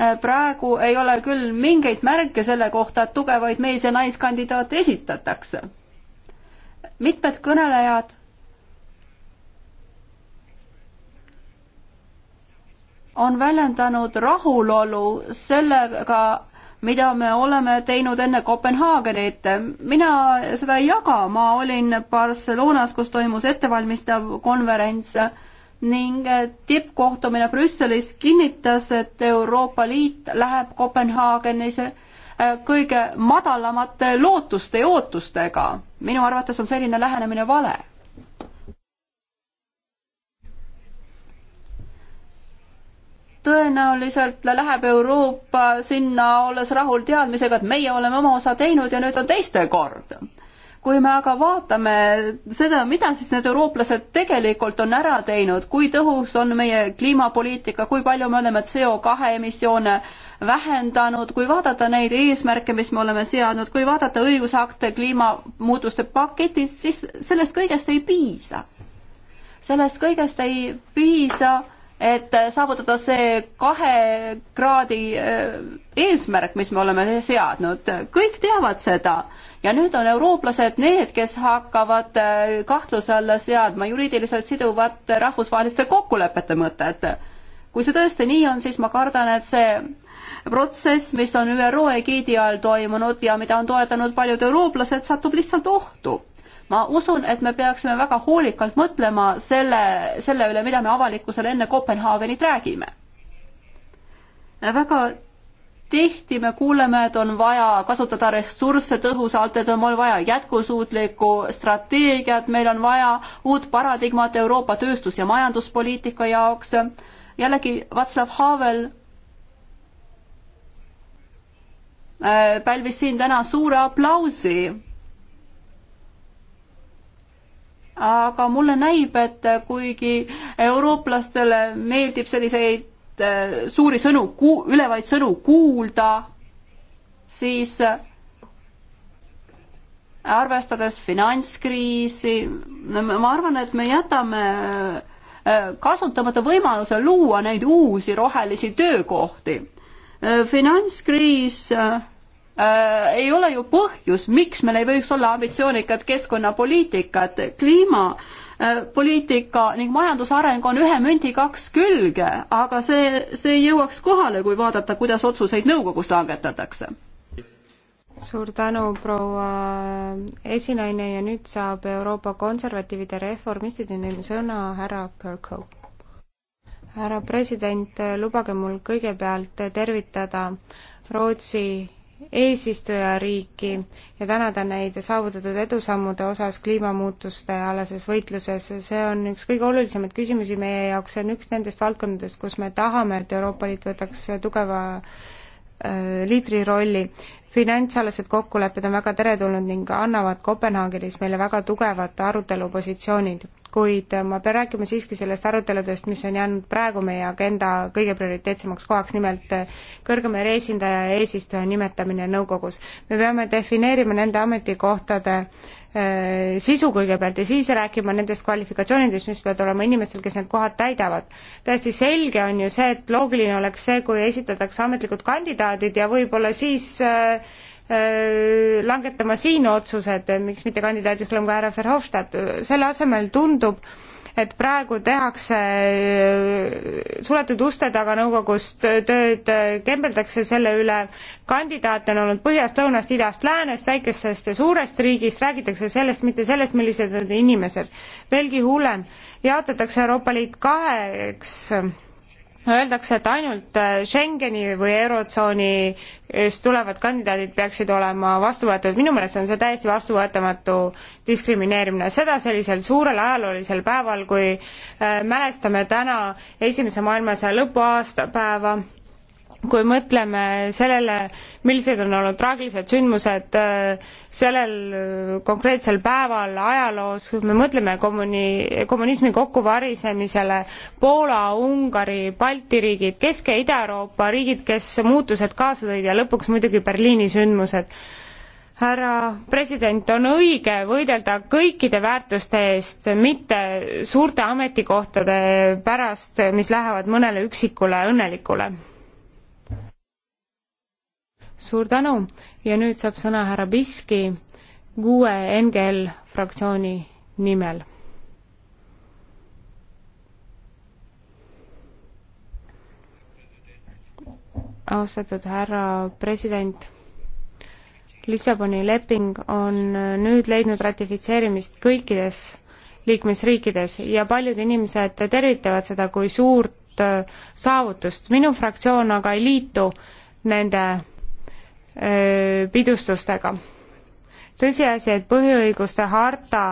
Äh, praegu ei ole küll mingeid märke selle kohta, et tugevaid mees- ja naiskandidaate esitatakse. mitmed kõnelejad on väljendanud rahulolu sellega, mida me oleme teinud enne Kopenhaagenit. mina seda ei jaga, ma olin Barcelonas, kus toimus ettevalmistav konverents ning äh, tippkohtumine Brüsselis kinnitas, et Euroopa Liit läheb Kopenhaagenis äh, kõige madalamate lootuste ja ootustega. minu arvates on selline lähenemine vale. tõenäoliselt läheb Euroopa sinna, olles rahul teadmisega, et meie oleme oma osa teinud ja nüüd on teiste kord kui me aga vaatame seda, mida siis need eurooplased tegelikult on ära teinud, kui tõhus on meie kliimapoliitika, kui palju me oleme CO2 emissioone vähendanud, kui vaadata neid eesmärke, mis me oleme seadnud, kui vaadata õigusakte kliimamuutuste paketist, siis sellest kõigest ei piisa. sellest kõigest ei piisa et äh, saavutada see kahe kraadi äh, eesmärk, mis me oleme seadnud, kõik teavad seda ja nüüd on eurooplased need, kes hakkavad äh, kahtluse alla seadma juriidiliselt siduvat rahvusvaheliste kokkulepete mõtet. kui see tõesti nii on, siis ma kardan, et see protsess, mis on ÜRO egiidi all toimunud ja mida on toetanud paljud eurooplased, satub lihtsalt ohtu ma usun, et me peaksime väga hoolikalt mõtlema selle, selle üle, mida me avalikkusele enne Kopenhaagenit räägime. väga tihti me kuuleme, et on vaja kasutada ressursse tõhusalt, et on meil vaja jätkusuutlikku strateegiat, meil on vaja uut paradigmat Euroopa tööstus- ja majanduspoliitika jaoks. jällegi Václav Havel äh, pälvis siin täna suure aplausi aga mulle näib, et kuigi eurooplastele meeldib selliseid äh, suuri sõnu, ülevaid sõnu kuulda, siis äh, arvestades finantskriisi, ma arvan, et me jätame äh, kasutamata võimaluse luua neid uusi rohelisi töökohti. finantskriis äh, ei ole ju põhjus, miks meil ei võiks olla ambitsioonikat keskkonnapoliitikat, kliimapoliitika äh, ning majandusareng on ühe mündi kaks külge, aga see, see ei jõuaks kohale, kui vaadata, kuidas otsuseid nõukogus langetatakse. suur tänu, proua esinaine ja nüüd saab Euroopa konservatiivide reformistide nimel sõna härra Kirkhope härra president, lubage mul kõigepealt tervitada Rootsi eesistujariiki ja tänada neid saavutatud edusammude osas kliimamuutuste alases võitluses. see on üks kõige olulisemaid küsimusi meie jaoks, see on üks nendest valdkondadest, kus me tahame, et Euroopa Liit võtaks tugeva äh, liitri rolli. finantsalased kokkulepped on väga teretulnud ning annavad Kopenhaagenis meile väga tugevad arutelupositsioonid kuid ma pean rääkima siiski sellest aruteludest, mis on jäänud praegu meie agenda kõige prioriteetsemaks kohaks, nimelt eh, kõrgema esindaja ja eesistuja nimetamine nõukogus. me peame defineerima nende ametikohtade eh, sisu kõigepealt ja siis rääkima nendest kvalifikatsioonidest, mis peavad olema inimestel, kes need kohad täidavad. täiesti selge on ju see, et loogiline oleks see, kui esitatakse ametlikud kandidaadid ja võib-olla siis äh, Äh, langetama siin otsused, miks mitte kandidaadiks olema ka härra Verhofstadt, selle asemel tundub, et praegu tehakse äh, suletud uste taga nõukogust tööd, äh, kembeldakse selle üle, kandidaate on olnud põhjast, lõunast, idast, läänest, väikesest ja suurest riigist, räägitakse sellest, mitte sellest, millised on inimesed. veelgi hullem, jaotatakse Euroopa Liit kaheks öeldakse, et ainult äh, Schengeni või Eurotsoonist tulevad kandidaadid peaksid olema vastu võetud, minu meelest on see täiesti vastuvõetamatu diskrimineerimine, seda sellisel suurel ajaloolisel päeval, kui äh, mälestame täna Esimese maailmasõja lõpu aastapäeva kui mõtleme sellele, millised on olnud traagilised sündmused äh, sellel äh, konkreetsel päeval ajaloos, kui me mõtleme kommuni-, kommunismi kokkuvarisemisele, Poola, Ungari, Balti riigid, Kesk- ja Ida-Euroopa riigid, kes muutused kaasa tõid ja lõpuks muidugi Berliini sündmused. härra president, on õige võidelda kõikide väärtuste eest, mitte suurte ametikohtade pärast, mis lähevad mõnele üksikule õnnelikule suur tänu ja nüüd saab sõna härra Biski kuue NGL fraktsiooni nimel. austatud härra president Lissaboni leping on nüüd leidnud ratifitseerimist kõikides liikmesriikides ja paljud inimesed tervitavad seda kui suurt saavutust. minu fraktsioon aga ei liitu nende Äh, pidustustega. tõsiasi, et põhiõiguste harta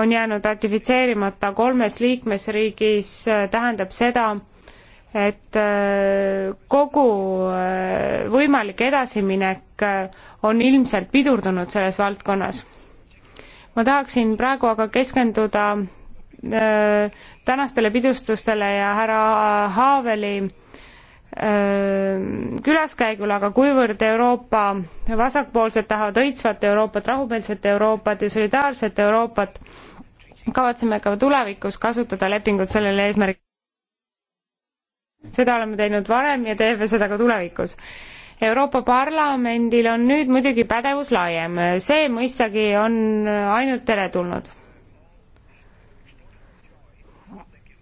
on jäänud ratifitseerimata kolmes liikmesriigis, äh, tähendab seda, et äh, kogu võimalik edasiminek on ilmselt pidurdunud selles valdkonnas. ma tahaksin praegu aga keskenduda tänastele pidustustele ja härra Haaveli külaskäigul, aga kuivõrd Euroopa vasakpoolsed tahavad õitsvat Euroopat, rahumeelset Euroopat ja solidaarset Euroopat, kavatseme ka tulevikus kasutada lepingut sellel eesmärgil. seda oleme teinud varem ja teeme seda ka tulevikus. Euroopa Parlamendil on nüüd muidugi pädevus laiem, see mõistagi on ainult teretulnud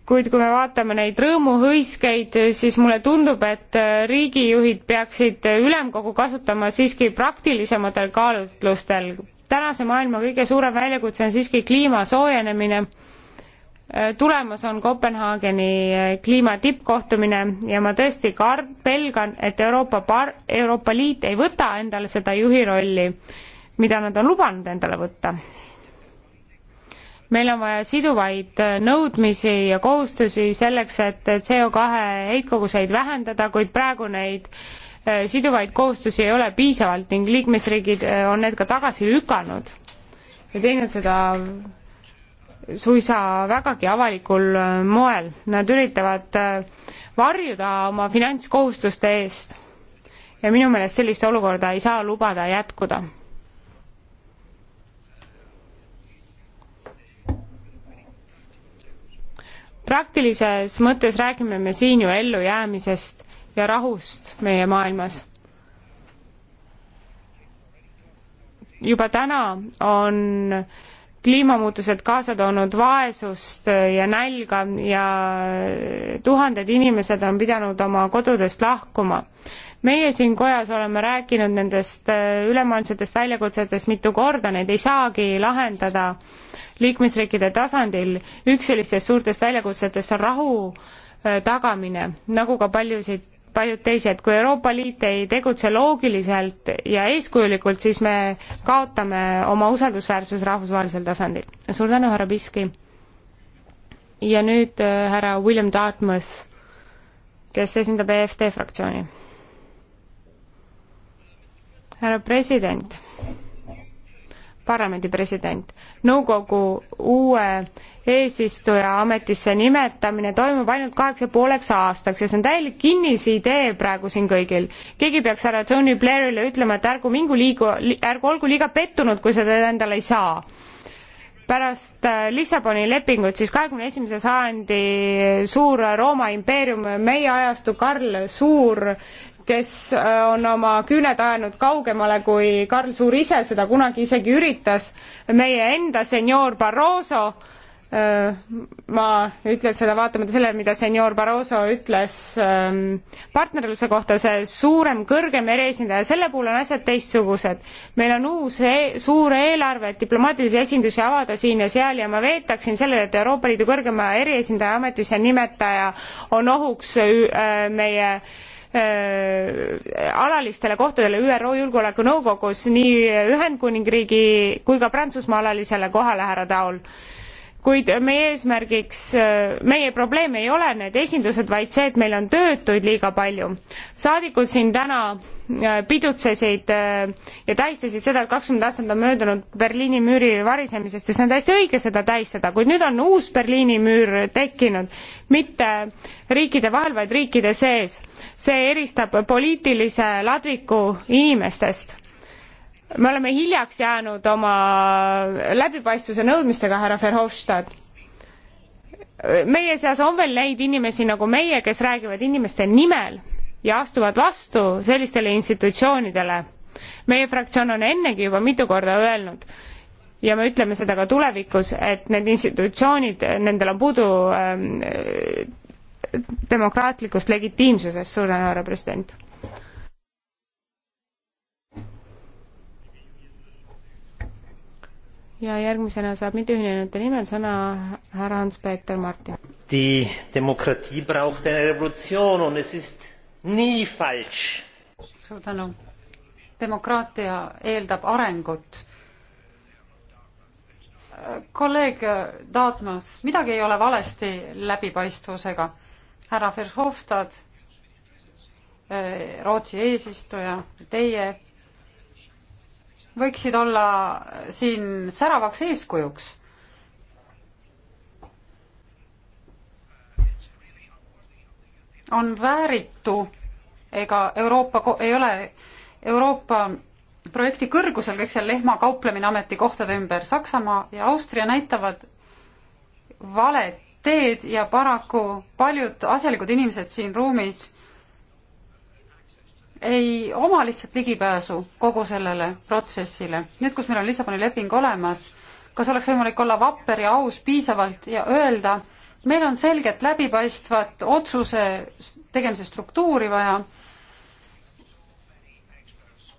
kuid kui me vaatame neid rõõmuhõiskeid, siis mulle tundub, et äh, riigijuhid peaksid ülemkogu kasutama siiski praktilisematel kaalutlustel. tänase maailma kõige suurem väljakutse on siiski kliima soojenemine. Äh, tulemas on Kopenhaageni äh, kliima tippkohtumine ja ma tõesti kar-, pelgan, et Euroopa par-, Euroopa Liit ei võta endale seda juhi rolli, mida nad on lubanud endale võtta meil on vaja siduvaid äh, nõudmisi ja kohustusi selleks, et CO2 heitkoguseid vähendada, kuid praegu neid äh, siduvaid kohustusi ei ole piisavalt ning liikmesriigid äh, on need ka tagasi lükanud ja teinud seda suisa vägagi avalikul moel. Nad üritavad varjuda oma finantskohustuste eest ja minu meelest sellist olukorda ei saa lubada jätkuda praktilises mõttes räägime me siin ju ellujäämisest ja rahust meie maailmas. juba täna on kliimamuutused kaasa toonud vaesust ja nälga ja tuhanded inimesed on pidanud oma kodudest lahkuma. meie siin kojas oleme rääkinud nendest ülemaailmsetest väljakutsetest mitu korda, neid ei saagi lahendada äh, liikmesriikide tasandil üks sellistest suurtest väljakutsetest on rahu äh, tagamine, nagu ka paljusid paljud teised, kui Euroopa Liit ei tegutse loogiliselt ja eeskujulikult, siis me kaotame oma usaldusväärsuse rahvusvahelisel tasandil. suur tänu, härra Piski. ja nüüd äh, härra William Dartmouth, kes esindab EFT fraktsiooni. härra president, parlamendi president. nõukogu uue eesistuja ametisse nimetamine toimub ainult kaheks ja pooleks aastaks ja see on täielik kinnisidee praegu siin kõigil. keegi peaks härra Tony Blairile ütlema, et ärgu mingu liigu, ärgu olgu liiga pettunud, kui seda endale ei saa. pärast äh, Lissaboni lepingut siis kahekümne esimese sajandi suur Rooma impeerium, meie ajastu Karl Suur kes äh, on oma küüned ajanud kaugemale, kui Karl Suur ise seda kunagi isegi üritas, meie enda senior Barroso, äh, ma ütlen seda vaatamata sellele, mida senior Barroso ütles ähm, partnerluse kohta, see suurem, kõrgem eriesindaja, selle puhul on asjad teistsugused. meil on uus e suur eelarve, et diplomaatilisi esindusi avada siin ja seal ja ma veetaksin sellele, et Euroopa Liidu kõrgema eriesindaja ametisse nimetaja on ohuks äh, meie Äh, alalistele kohtadele ÜRO Julgeolekunõukogus nii Ühendkuningriigi kui ka Prantsusmaa alalisele kohale, härra Taul. kuid meie eesmärgiks, äh, meie probleem ei ole need esindused, vaid see, et meil on töötuid liiga palju. saadikud siin täna äh, pidutsesid ja tähistasid seda, et kakskümmend aastat on möödunud Berliini müüri varisemisest ja see on täiesti õige seda tähistada, kuid nüüd on uus Berliini müür tekkinud, mitte riikide vahel, vaid riikide sees see eristab poliitilise ladviku inimestest. me oleme hiljaks jäänud oma läbipaistvuse nõudmistega, härra Verhofstadt. meie seas on veel neid inimesi nagu meie, kes räägivad inimeste nimel ja astuvad vastu sellistele institutsioonidele. meie fraktsioon on ennegi juba mitu korda öelnud ja me ütleme seda ka tulevikus, et need institutsioonid, nendel on puudu ähm, demokraatlikust legitiimsusest, suur tänu, härra president! ja järgmisena saab mitteühinenute nimel sõna härra Hans-Peeter Martin. Die Demokratie braucht eine Revolution und es ist nie falsch. suur tänu. demokraatia eeldab arengut. kolleeg Daatmas, midagi ei ole valesti läbipaistvusega härra Verhofstadt, eh, Rootsi eesistuja, teie võiksid olla siin säravaks eeskujuks. on vääritu, ega Euroopa ei ole Euroopa projekti kõrgusel kõik see lehma kauplemine ametikohtade ümber. Saksamaa ja Austria näitavad valet teed ja paraku paljud asjalikud inimesed siin ruumis ei oma lihtsalt ligipääsu kogu sellele protsessile. nüüd, kus meil on Lissaboni leping olemas, kas oleks võimalik olla vapper ja aus piisavalt ja öelda, meil on selget läbipaistvat otsuse tegemise struktuuri vaja,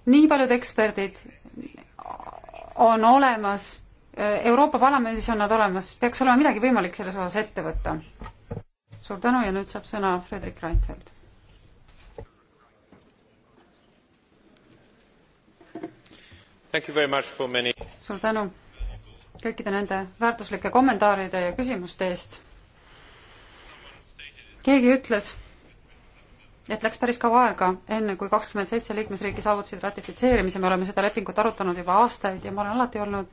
nii paljud eksperdid on olemas Euroopa Parlamendis on nad olemas, peaks olema midagi võimalik selles osas ette võtta. suur tänu ja nüüd saab sõna Fredrik Reinfeldt. Many... suur tänu kõikide nende väärtuslike kommentaaride ja küsimuste eest. keegi ütles, et läks päris kaua aega, enne kui kakskümmend seitse liikmesriiki saavutasid ratifitseerimise, me oleme seda lepingut arutanud juba aastaid ja ma olen alati olnud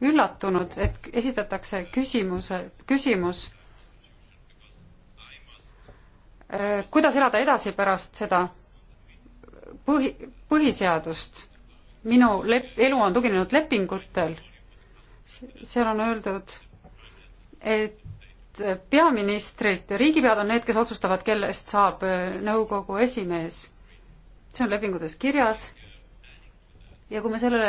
üllatunud, et esitatakse küsimuse, küsimus, äh, kuidas elada edasi pärast seda põhi, põhiseadust. minu lep-, elu on tuginenud lepingutel, seal on öeldud, et peaministrid, riigipead on need, kes otsustavad, kellest saab äh, nõukogu esimees. see on lepingutes kirjas ja kui me sellele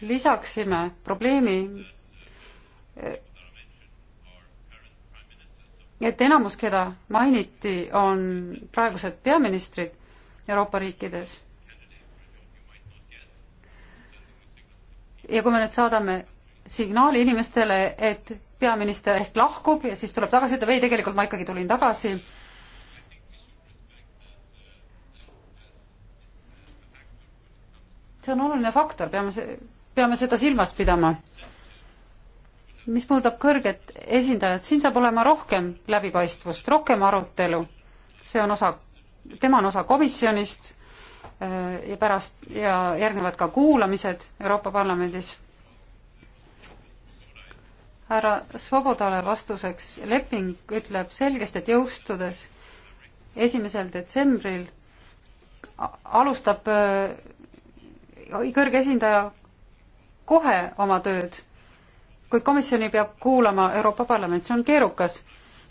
lisaksime probleemi, et enamus, keda mainiti, on praegused peaministrid Euroopa riikides. ja kui me nüüd saadame signaali inimestele, et peaminister ehk lahkub ja siis tuleb tagasi, ütleb ei, tegelikult ma ikkagi tulin tagasi, see on oluline faktor, peame see peame seda silmas pidama. mis puudutab kõrget esindajat, siin saab olema rohkem läbipaistvust, rohkem arutelu. see on osa, tema on osa komisjonist äh, ja pärast ja järgnevad ka kuulamised Euroopa Parlamendis härra Svobodale vastuseks leping ütleb selgesti, et jõustudes esimesel detsembril alustab äh, kõrge esindaja kohe oma tööd, kuid komisjoni peab kuulama Euroopa Parlament, see on keerukas.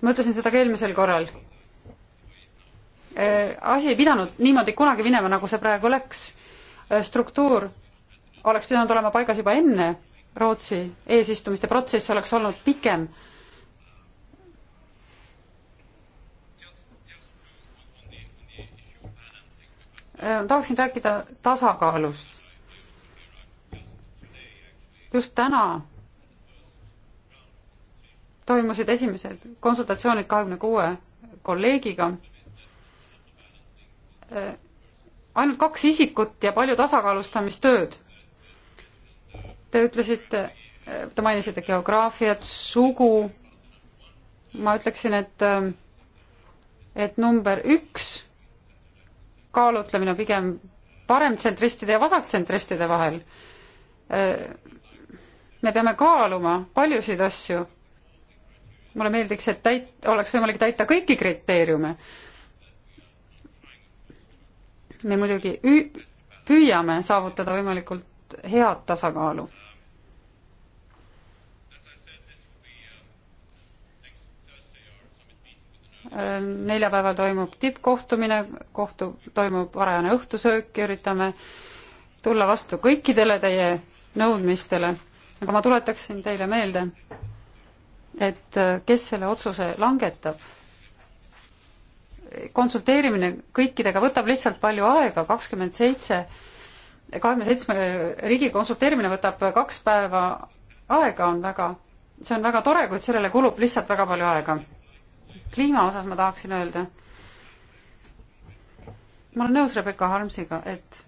ma ütlesin seda ka eelmisel korral. Äh, asi ei pidanud niimoodi kunagi minema, nagu see praegu läks. Äh, struktuur oleks pidanud olema paigas juba enne Rootsi eesistumist ja protsess oleks olnud pikem äh, tahaksin rääkida tasakaalust just täna toimusid esimesed konsultatsioonid kahekümne kuue kolleegiga. ainult kaks isikut ja palju tasakaalustamistööd. Te ütlesite, te mainisite geograafiat, sugu. ma ütleksin, et, et number üks kaalutlemine on pigem paremtsentristide ja vasaktsentristide vahel me peame kaaluma paljusid asju. mulle meeldiks, et täit-, oleks võimalik täita kõiki kriteeriume. me muidugi ü-, püüame saavutada võimalikult head tasakaalu. neljapäeval toimub tippkohtumine, kohtu, toimub varajane õhtusöök ja üritame tulla vastu kõikidele teie nõudmistele aga ma tuletaksin teile meelde, et äh, kes selle otsuse langetab. konsulteerimine kõikidega võtab lihtsalt palju aega, kakskümmend seitse, kahekümne seitsme riigi konsulteerimine võtab kaks päeva aega, on väga, see on väga tore, kuid sellele kulub lihtsalt väga palju aega. kliima osas ma tahaksin öelda, ma olen nõus Rebecca Harmsiga, et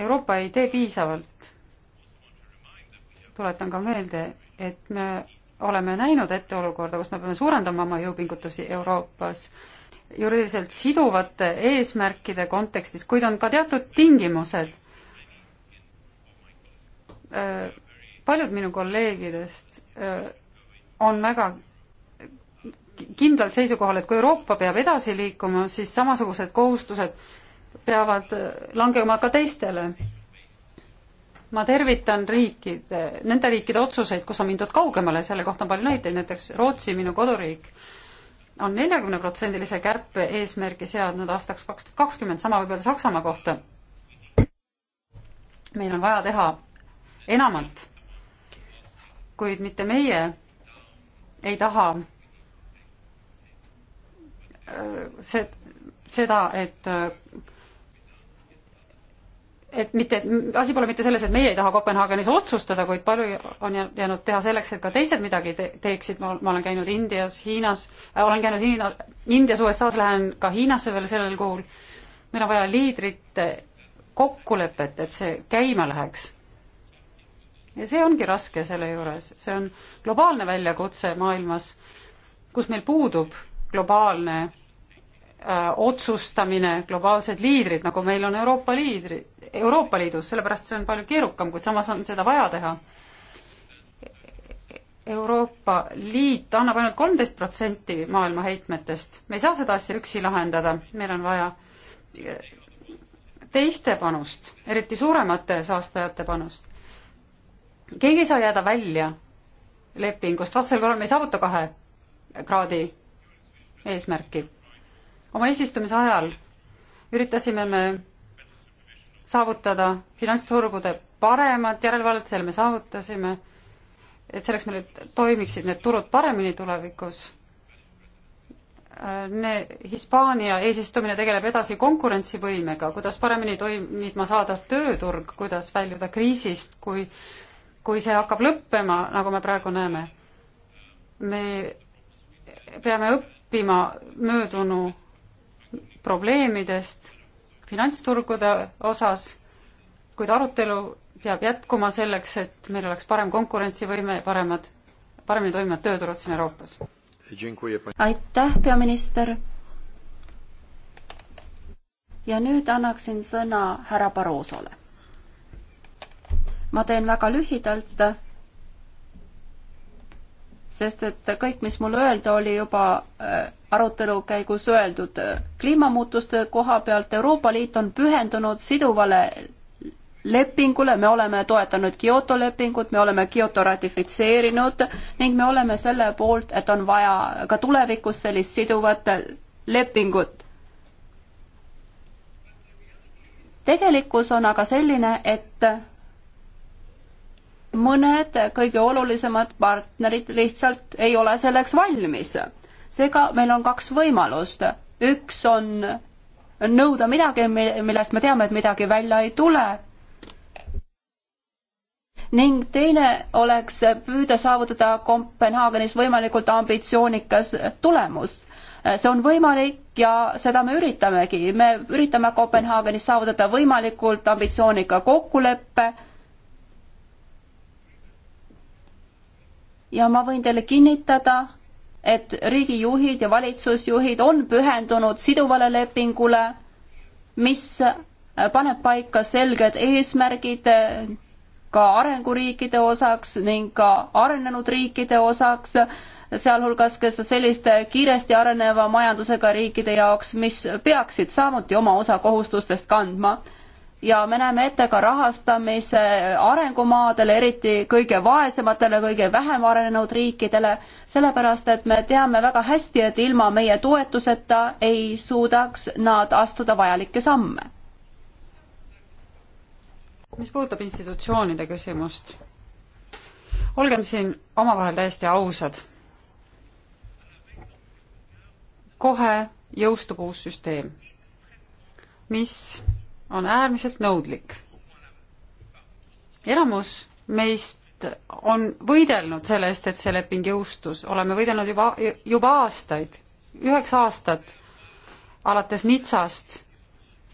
Euroopa ei tee piisavalt tuletan ka meelde, et me oleme näinud ette olukorda, kus me peame suurendama oma jõupingutusi Euroopas juriidiliselt siduvate eesmärkide kontekstis, kuid on ka teatud tingimused. paljud minu kolleegidest on väga kindlal seisukohal, et kui Euroopa peab edasi liikuma, siis samasugused kohustused peavad langema ka teistele ma tervitan riikide, nende riikide otsuseid, kus on mindud kaugemale, selle kohta on palju näiteid, näiteks Rootsi, minu koduriik, on neljakümneprotsendilise kärpe eesmärgi seadnud aastaks kaks tuhat kakskümmend, sama võib öelda Saksamaa kohta. meil on vaja teha enamat, kuid mitte meie ei taha äh, see, seda, et äh, et mitte, asi pole mitte selles, et meie ei taha Kopenhaagenis otsustada, kuid palju on jäänud teha selleks, et ka teised midagi te teeksid, ma olen käinud Indias, Hiinas äh,, olen käinud Hiina, Indias, USA-s, lähen ka Hiinasse veel sellel kuul, meil on vaja liidrite kokkulepet, et see käima läheks. ja see ongi raske selle juures, see on globaalne väljakutse maailmas, kus meil puudub globaalne Äh, otsustamine, globaalsed liidrid, nagu meil on Euroopa liidrid, Euroopa Liidus, sellepärast see on palju keerukam, kuid samas on seda vaja teha. Euroopa Liit annab ainult kolmteist protsenti maailma heitmetest, me ei saa seda asja üksi lahendada, meil on vaja teiste panust, eriti suuremate saastajate panust. keegi ei saa jääda välja lepingust, vastasel korral me ei saavuta kahe kraadi eesmärki oma eesistumise ajal üritasime me saavutada finantsturgude paremat järelevalvet, selle me saavutasime, et selleks meil toimiksid need turud paremini tulevikus. Hispaania eesistumine tegeleb edasi konkurentsivõimega, kuidas paremini toimima saada tööturg, kuidas väljuda kriisist, kui, kui see hakkab lõppema, nagu me praegu näeme. me peame õppima möödunu probleemidest finantsturgude osas, kuid arutelu peab jätkuma selleks, et meil oleks parem konkurentsivõime, paremad, paremini toimivad tööturud siin Euroopas. aitäh, peaminister! ja nüüd annaksin sõna härra Barrosole. ma teen väga lühidalt sest et kõik, mis mul öelda, oli juba äh, arutelu käigus öeldud. Äh, kliimamuutuste koha pealt Euroopa Liit on pühendunud siduvale lepingule, me oleme toetanud Kyoto lepingut, me oleme Kyoto ratifitseerinud ning me oleme selle poolt, et on vaja ka tulevikus sellist siduvat lepingut. tegelikkus on aga selline, et mõned kõige olulisemad partnerid lihtsalt ei ole selleks valmis. seega meil on kaks võimalust. üks on nõuda midagi, millest me teame, et midagi välja ei tule. ning teine oleks püüda saavutada Kopenhaagenis võimalikult ambitsioonikas tulemus see on võimalik ja seda me üritamegi, me üritame Kopenhaagenis saavutada võimalikult ambitsioonika kokkuleppe ja ma võin teile kinnitada, et riigijuhid ja valitsusjuhid on pühendunud siduvale lepingule, mis paneb paika selged eesmärgid ka arenguriikide osaks ning ka arenenud riikide osaks, sealhulgas ka selliste kiiresti areneva majandusega riikide jaoks, mis peaksid samuti oma osa kohustustest kandma ja me näeme ette ka rahastamise arengumaadele, eriti kõige vaesematele, kõige vähem arenenud riikidele, sellepärast et me teame väga hästi, et ilma meie toetuseta ei suudaks nad astuda vajalikke samme. mis puudutab institutsioonide küsimust, olgem siin omavahel täiesti ausad. kohe jõustub uus süsteem, mis on äärmiselt nõudlik. enamus meist on võidelnud selle eest, et see leping jõustus, oleme võidelnud juba, juba aastaid, üheksa aastat alates Nitsast.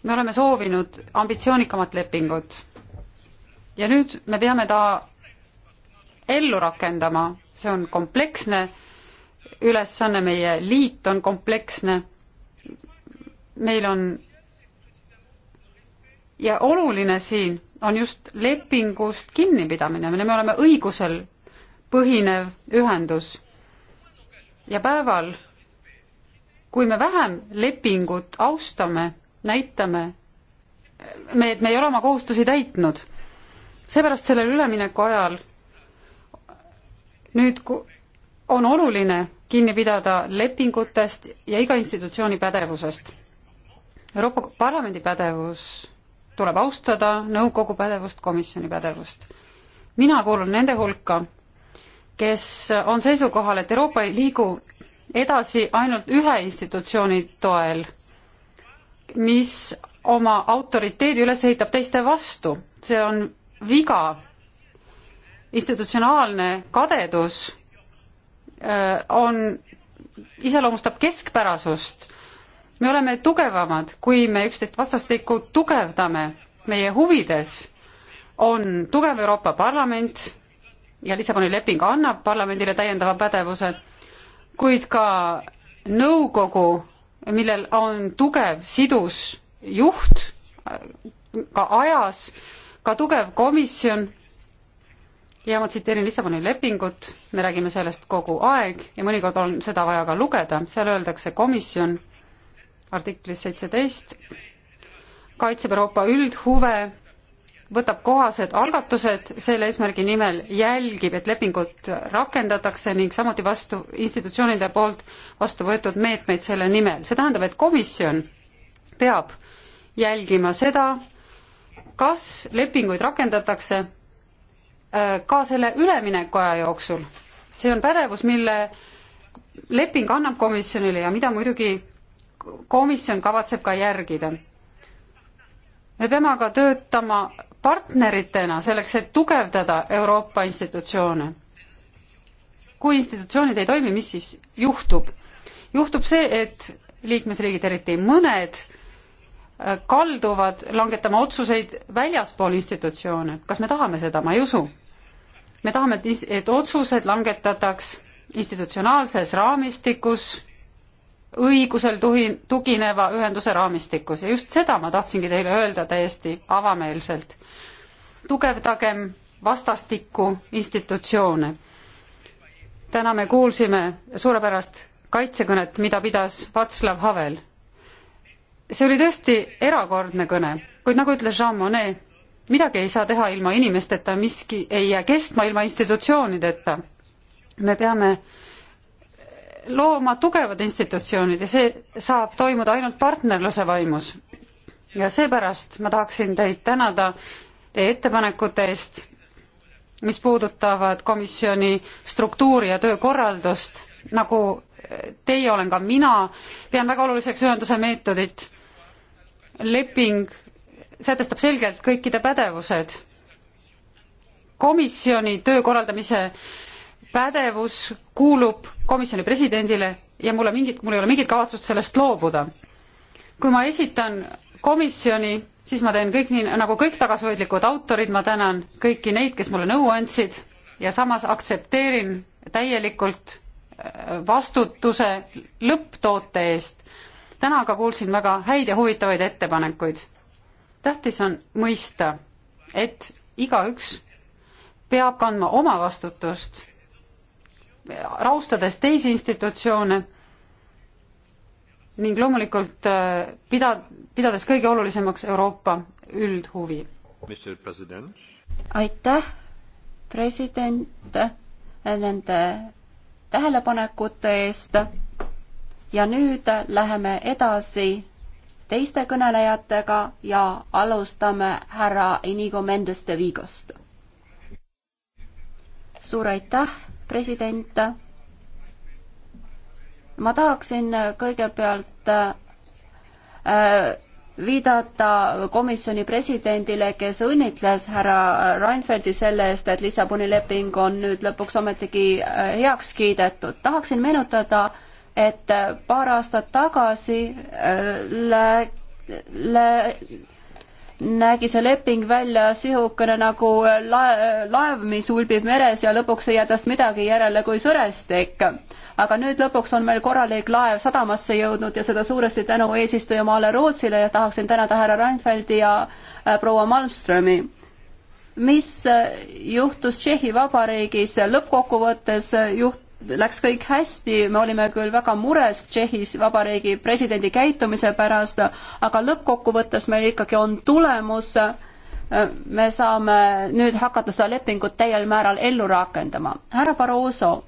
me oleme soovinud ambitsioonikamat lepingut. ja nüüd me peame ta ellu rakendama, see on kompleksne ülesanne, meie liit on kompleksne, meil on ja oluline siin on just lepingust kinnipidamine, mille me oleme õigusel põhinev ühendus. ja päeval, kui me vähem lepingut austame, näitame, me, et me ei ole oma kohustusi täitnud, seepärast sellel ülemineku ajal nüüd on oluline kinni pidada lepingutest ja iga institutsiooni pädevusest. Euroopa Parlamendi pädevus tuleb austada nõukogu pädevust, komisjoni pädevust. mina kuulun nende hulka, kes on seisukohal, et Euroopa ei liigu edasi ainult ühe institutsiooni toel, mis oma autoriteedi üles ehitab teiste vastu, see on viga, institutsionaalne kadedus äh, on, iseloomustab keskpärasust me oleme tugevamad, kui me üksteist vastastikku tugevdame. meie huvides on tugev Euroopa Parlament ja Lissaboni leping annab parlamendile täiendava pädevuse, kuid ka nõukogu, millel on tugev sidus juht ka ajas, ka tugev komisjon ja ma tsiteerin Lissaboni lepingut, me räägime sellest kogu aeg ja mõnikord on seda vaja ka lugeda, seal öeldakse komisjon artiklis seitseteist kaitseb Euroopa üldhuve, võtab kohased algatused selle eesmärgi nimel, jälgib, et lepingut rakendatakse ning samuti vastu, institutsioonide poolt vastu võetud meetmeid selle nimel. see tähendab, et komisjon peab jälgima seda, kas lepinguid rakendatakse äh, ka selle üleminekuaja jooksul. see on pädevus, mille leping annab komisjonile ja mida muidugi komisjon kavatseb ka järgida. me peame aga töötama partneritena selleks, et tugevdada Euroopa institutsioone. kui institutsioonid ei toimi, mis siis juhtub? juhtub see, et liikmesriigid, eriti mõned, kalduvad langetama otsuseid väljaspool institutsioone. kas me tahame seda, ma ei usu. me tahame, et otsused langetataks institutsionaalses raamistikus õigusel tuhi, tugineva ühenduse raamistikus ja just seda ma tahtsingi teile öelda täiesti avameelselt. tugevdagem vastastikku institutsioone. täna me kuulsime suurepärast kaitsekõnet, mida pidas Václav Havel. see oli tõesti erakordne kõne, kuid nagu ütles Jean Monnet, midagi ei saa teha ilma inimesteta, miski ei jää kestma ilma institutsioonideta. me peame looma tugevad institutsioonid ja see saab toimuda ainult partnerluse vaimus. ja seepärast ma tahaksin teid tänada teie ettepanekute eest, mis puudutavad komisjoni struktuuri ja töökorraldust, nagu teie olen ka mina, pean väga oluliseks ühenduse meetodit. leping sätestab selgelt kõikide pädevused. komisjoni töö korraldamise pädevus kuulub komisjoni presidendile ja mulle mingit, mul ei ole mingit kavatsust sellest loobuda. kui ma esitan komisjoni, siis ma teen kõik nii, nagu kõik tagasihoidlikud autorid, ma tänan kõiki neid, kes mulle nõu andsid ja samas aktsepteerin täielikult äh, vastutuse lõpptoote eest. täna aga kuulsin väga häid ja huvitavaid ettepanekuid. tähtis on mõista, et igaüks peab kandma oma vastutust raustades teisi institutsioone ning loomulikult äh, pida, pidades kõige olulisemaks Euroopa üldhuvi. aitäh, president, nende tähelepanekute eest ja nüüd läheme edasi teiste kõnelejatega ja alustame härra Inigo Mendes de Vigost. suur aitäh president. ma tahaksin kõigepealt äh, viidata komisjoni presidendile, kes õnnitles härra Reinfeldti selle eest, et Lissaboni leping on nüüd lõpuks ometigi äh, heaks kiidetud. tahaksin meenutada, et äh, paar aastat tagasi lä-, lä-, nägi see leping välja sihukene nagu äh, laev, äh, laev, mis ulbib meres ja lõpuks ei jää tast midagi järele kui sõrestik. aga nüüd lõpuks on meil korralik laev sadamasse jõudnud ja seda suuresti tänu eesistujamaale Rootsile ja tahaksin tänada härra Reinfeldti ja äh, proua Malmströmi mis juhtus Tšehhi Vabariigis lõppkokkuvõttes juht-, läks kõik hästi, me olime küll väga mures Tšehhis Vabariigi presidendi käitumise pärast, aga lõppkokkuvõttes meil ikkagi on tulemus. me saame nüüd hakata seda lepingut täiel määral ellu rakendama. härra Barroso,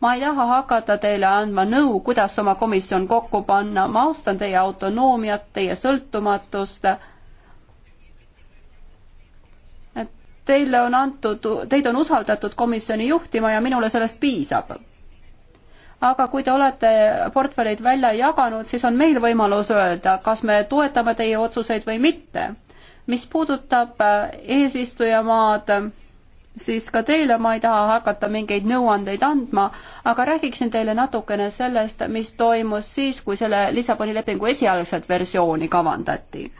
ma ei taha hakata teile andma nõu, kuidas oma komisjon kokku panna, ma austan teie autonoomiat, teie sõltumatust teile on antud, teid on usaldatud komisjoni juhtima ja minule sellest piisab. aga kui te olete portfellid välja jaganud, siis on meil võimalus öelda, kas me toetame teie otsuseid või mitte. mis puudutab äh, eesistujamaad, siis ka teile ma ei taha hakata mingeid nõuandeid andma, aga räägiksin teile natukene sellest, mis toimus siis, kui selle Lissaboni lepingu esialgset versiooni kavandati.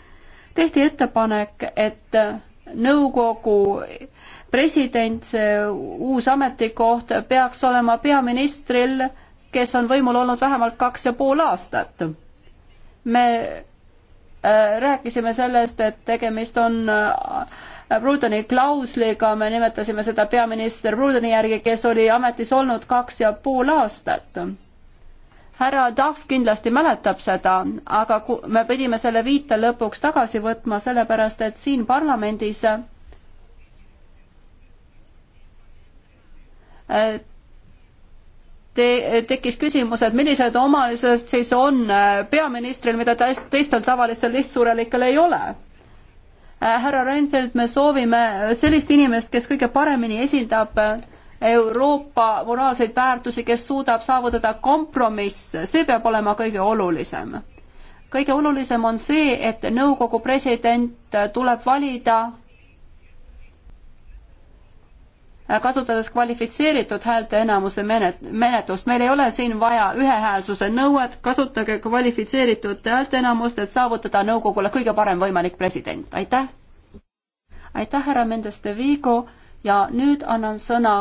tehti ettepanek, et nõukogu president, see uus ametikoht peaks olema peaministril, kes on võimul olnud vähemalt kaks ja pool aastat. me äh, rääkisime sellest, et tegemist on äh, Brudeni klausliga, me nimetasime seda peaminister Brudeni järgi, kes oli ametis olnud kaks ja pool aastat härra Tahv kindlasti mäletab seda, aga me pidime selle viite lõpuks tagasi võtma, sellepärast et siin parlamendis äh, te-, tekkis küsimus, et millised omadused siis on äh, peaministril, mida teistel tavalistel lihtsurelikel ei ole äh, härra Reinfeldt, me soovime sellist inimest, kes kõige paremini esindab Euroopa moraalseid väärtusi, kes suudab saavutada kompromisse, see peab olema kõige olulisem. kõige olulisem on see, et nõukogu president tuleb valida äh, kasutades kvalifitseeritud häälteenamuse menet-, menetlust, meil ei ole siin vaja ühehäälsuse nõuet, kasutage kvalifitseeritud häälteenamust, et saavutada nõukogule kõige parem võimalik president, aitäh! aitäh, härra Mendes de Vigo! ja nüüd annan sõna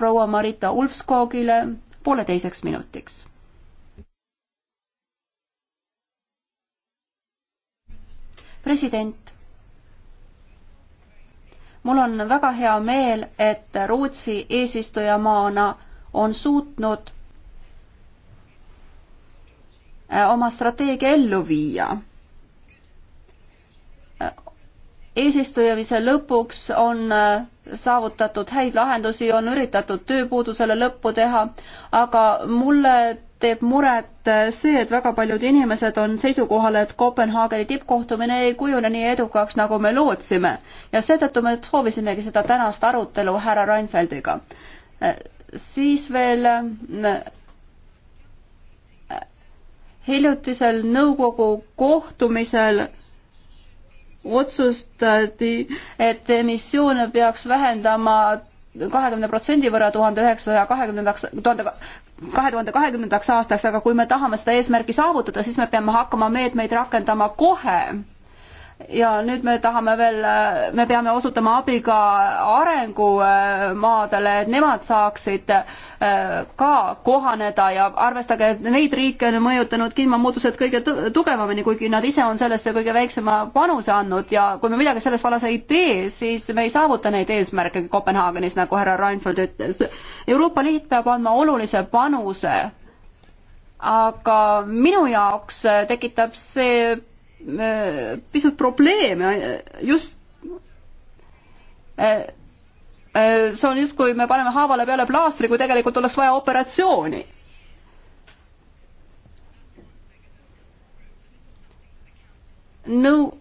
proua Marita Ulfskogile pooleteiseks minutiks. president, mul on väga hea meel, et Rootsi eesistujamaana on suutnud äh, oma strateegia ellu viia eesistujamise lõpuks on äh, saavutatud häid lahendusi, on üritatud tööpuudusele lõppu teha, aga mulle teeb muret äh, see, et väga paljud inimesed on seisukohal, et Kopenhaageni tippkohtumine ei kujune nii edukaks, nagu me lootsime. ja seetõttu me soovisimegi seda tänast arutelu härra Reinfeldiga. Äh, siis veel hiljutisel nõukogu kohtumisel otsustati, et emissioone peaks vähendama kahekümne protsendi võrra tuhande üheksasaja kahekümnendaks, tuhande, kahe tuhande kahekümnendaks aastaks, aga kui me tahame seda eesmärki saavutada, siis me peame hakkama meetmeid rakendama kohe ja nüüd me tahame veel, me peame osutama abi ka arengumaadele, et nemad saaksid äh, ka kohaneda ja arvestage, et neid riike on mõjutanud kliimamuutused kõige tugevamini, kuigi nad ise on sellesse kõige väiksema panuse andnud ja kui me midagi selles vallas ei tee, siis me ei saavuta neid eesmärke Kopenhaagenis, nagu härra Reinfeldt ütles. Euroopa Liit peab andma olulise panuse aga minu jaoks tekitab see Äh, pisut probleeme äh, just äh, see on justkui me paneme haavale peale plaastri, kui tegelikult oleks vaja operatsiooni. nõu- no,,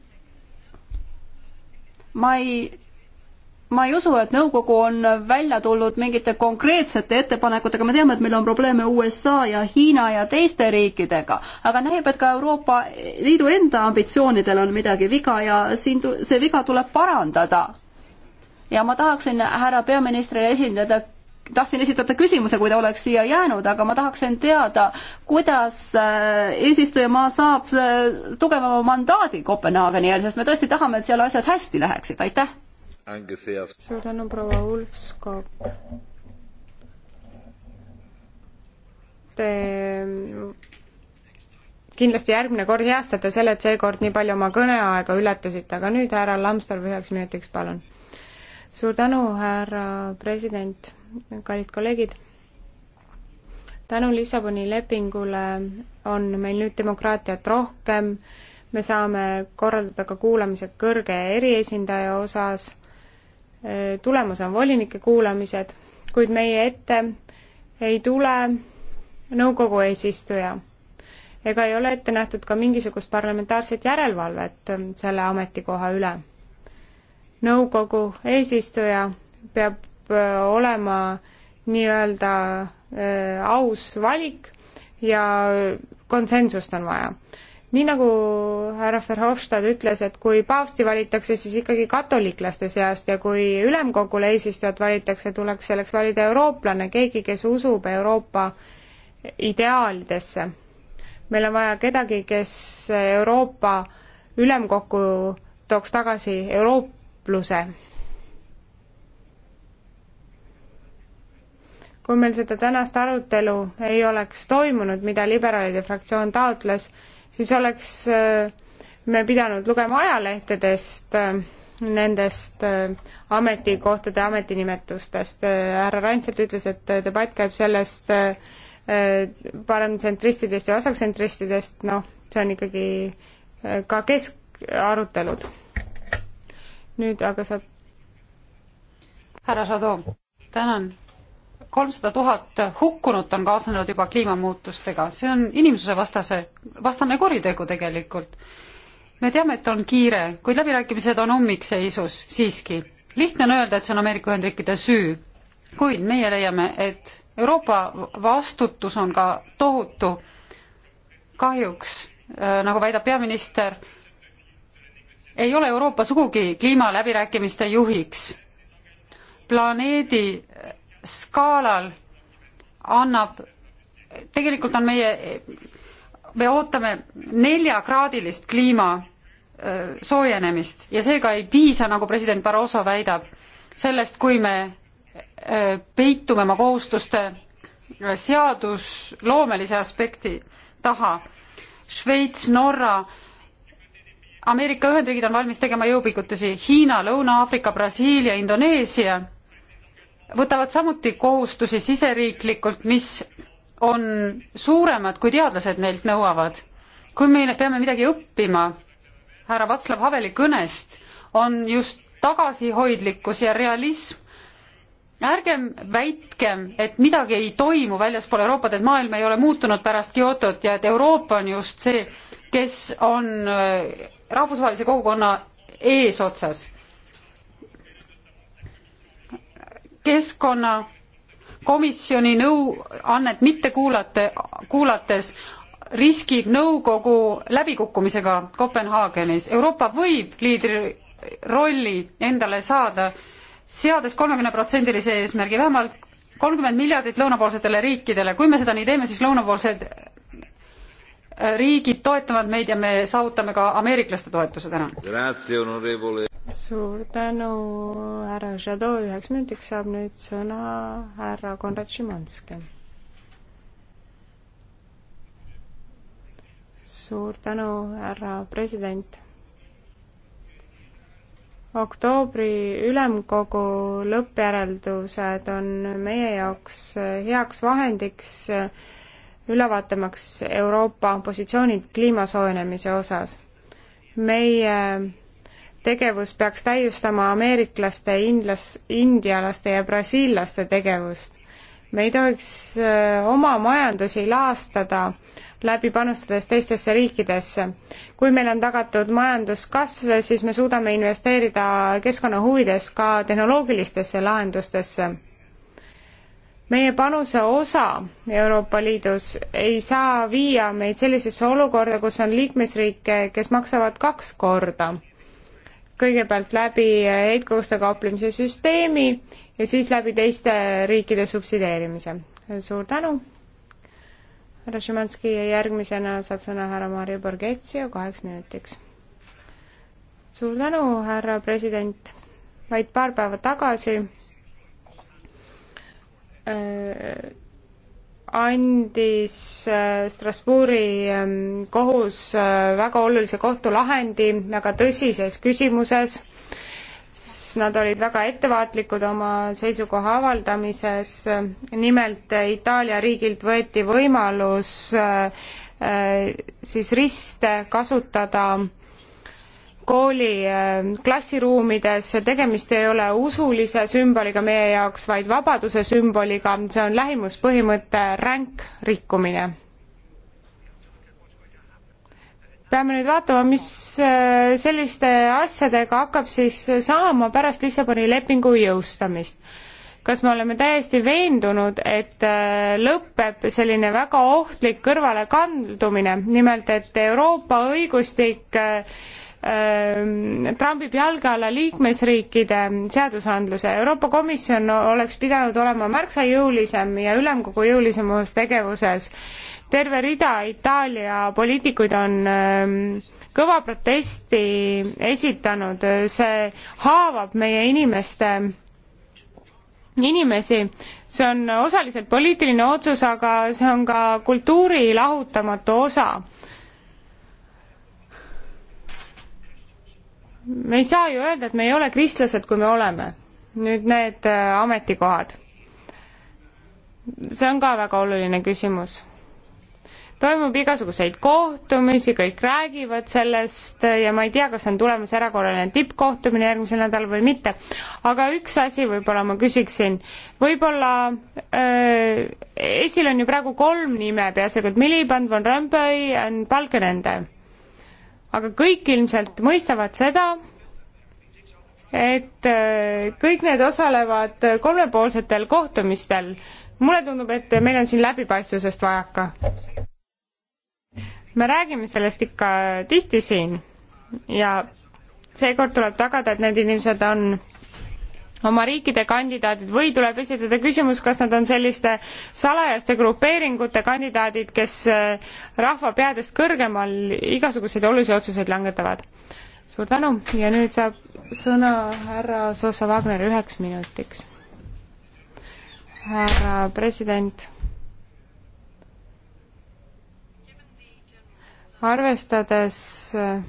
ma ei ma ei usu, et nõukogu on välja tulnud mingite konkreetsete ettepanekutega, me teame, et meil on probleeme USA ja Hiina ja teiste riikidega, aga näib, et ka Euroopa Liidu enda ambitsioonidel on midagi viga ja siin see viga tuleb parandada. ja ma tahaksin härra peaministrile esindada tahtsin esitada küsimuse, kui ta oleks siia jäänud, aga ma tahaksin teada, kuidas äh, eesistujamaa saab äh, tugevama mandaadi Kopenhaageni järgi, sest me tõesti tahame, et seal asjad hästi läheksid, aitäh suur tänu, proua Ulfskog. Te kindlasti järgmine kord heastate selle, et seekord nii palju oma kõneaega ületasite, aga nüüd härra Lambsdorff üheks minutiks, palun. suur tänu, härra president, kallid kolleegid tänu Lissaboni lepingule on meil nüüd demokraatiat rohkem, me saame korraldada ka kuulamised kõrge eriesindaja osas Äh, tulemus on volinike kuulamised, kuid meie ette ei tule nõukogu eesistuja. ega ei ole ette nähtud ka mingisugust parlamentaarset järelevalvet ähm, selle ametikoha üle. nõukogu eesistuja peab äh, olema nii-öelda äh, aus valik ja konsensust on vaja nii nagu härra Verhofstadt ütles, et kui paavsti valitakse, siis ikkagi katoliklaste seast ja kui ülemkogule eesistujat valitakse, tuleks selleks valida eurooplane, keegi, kes usub Euroopa ideaalidesse. meil on vaja kedagi, kes Euroopa ülemkokku tooks tagasi euroopluse. kui meil seda tänast arutelu ei oleks toimunud, mida liberaalide fraktsioon taotles, siis oleks äh, me pidanud lugema ajalehtedest äh, nendest äh, ametikohtade ametinimetustest. härra Reinfeldt ütles, et debatt käib sellest paremtsentristidest ja vasaktsentristidest, noh, see on ikkagi ka keskarutelud. nüüd aga saab härra Sado, tänan kolmsada tuhat hukkunut on kaasnenud juba kliimamuutustega, see on inimsusevastase, vastane kuritegu tegelikult. me teame, et on kiire, kuid läbirääkimised on ummikseisus siiski. lihtne on öelda, et see on Ameerika Ühendriikide süü, kuid meie leiame, et Euroopa vastutus on ka tohutu. kahjuks, äh, nagu väidab peaminister, ei ole Euroopa sugugi kliimaläbirääkimiste juhiks planeedi skaalal annab, tegelikult on meie, me ootame neljakraadilist kliima soojenemist ja seega ei piisa, nagu president Barroso väidab, sellest, kui me peitume oma kohustuste seadusloomelise aspekti taha. Šveits, Norra, Ameerika Ühendriigid on valmis tegema jõupingutusi, Hiina, Lõuna-Aafrika, Brasiilia, Indoneesia võtavad samuti kohustusi siseriiklikult, mis on suuremad, kui teadlased neilt nõuavad. kui me peame midagi õppima härra Václav Haveli kõnest, on just tagasihoidlikkus ja realism. ärgem väitkem, et midagi ei toimu väljaspool Euroopat, et maailm ei ole muutunud pärast Kyotot ja et Euroopa on just see, kes on äh, rahvusvahelise kogukonna eesotsas keskkonnakomisjoni nõuannet mitte kuulate, kuulates riskib nõukogu läbikukkumisega Kopenhaagenis. Euroopa võib liidri rolli endale saada, seades kolmekümneprotsendilise eesmärgi vähemalt kolmkümmend miljardit lõunapoolsetele riikidele, kui me seda nii teeme, siis lõunapoolsed riigid toetavad meid ja me saavutame ka ameeriklaste toetuse, tänan. suur tänu, härra Žadov, üheks minutiks saab nüüd sõna härra Konrad Šimanski. suur tänu, härra president. oktoobri ülemkogu lõppjäreldused on meie jaoks heaks vahendiks äh, üle vaatamaks Euroopa positsioonid kliima soojenemise osas. meie tegevus peaks täiustama ameeriklaste, indlas-, indialaste ja brasiillaste tegevust. me ei tohiks äh, oma majandusi laastada läbi panustades teistesse riikidesse. kui meil on tagatud majanduskasv, siis me suudame investeerida keskkonna huvides ka tehnoloogilistesse lahendustesse meie panuse osa Euroopa Liidus ei saa viia meid sellisesse olukorda, kus on liikmesriike, kes maksavad kaks korda. kõigepealt läbi heitkoguste kauplemise süsteemi ja siis läbi teiste riikide subsideerimise. suur tänu! härra Šimanski ja järgmisena saab sõna härra Mario Borghezio kaheks minutiks. suur tänu, härra president! vaid paar päeva tagasi Äh, andis äh, Strasbourgi ähm, kohus äh, väga olulise kohtulahendi väga tõsises küsimuses. Nad olid väga ettevaatlikud oma seisukoha avaldamises. nimelt Itaalia riigilt võeti võimalus siis riste kasutada kooli äh, klassiruumides, tegemist ei ole usulise sümboliga meie jaoks, vaid vabaduse sümboliga, see on lähimuspõhimõtte ränk rikkumine. peame nüüd vaatama, mis äh, selliste asjadega hakkab siis saama pärast Lissaboni lepingu jõustamist kas me oleme täiesti veendunud, et äh, lõpeb selline väga ohtlik kõrvalekandumine, nimelt et Euroopa õigustik Ehm, trambib jalge alla liikmesriikide seadusandluse. Euroopa Komisjon oleks pidanud olema märksa jõulisem ja ülemkogu jõulisemas tegevuses. terve rida Itaalia poliitikuid on ehm, kõva protesti esitanud, see haavab meie inimeste inimesi, see on osaliselt poliitiline otsus, aga see on ka kultuuri lahutamatu osa me ei saa ju öelda, et me ei ole kristlased, kui me oleme. nüüd need äh, ametikohad. see on ka väga oluline küsimus. toimub igasuguseid kohtumisi, kõik räägivad sellest ja ma ei tea, kas on tulemas erakorraline tippkohtumine järgmisel nädalal või mitte, aga üks asi võib-olla ma küsiksin, võib-olla äh, esil on ju praegu kolm nime peaasjalikult, Miliband, Von Rompuy ja Balkenende aga kõik ilmselt mõistavad seda, et äh, kõik need osalevad kolmepoolsetel kohtumistel. mulle tundub, et meil on siin läbipaistvusest vajaka. me räägime sellest ikka tihti siin ja seekord tuleb tagada, et need inimesed on oma riikide kandidaadid või tuleb esitada küsimus, kas nad on selliste salajaste grupeeringute kandidaadid, kes äh, rahva peadest kõrgemal igasuguseid olulisi otsuseid langetavad. suur tänu ja nüüd saab sõna härra Zosa Wagner üheks minutiks. härra president. arvestades äh,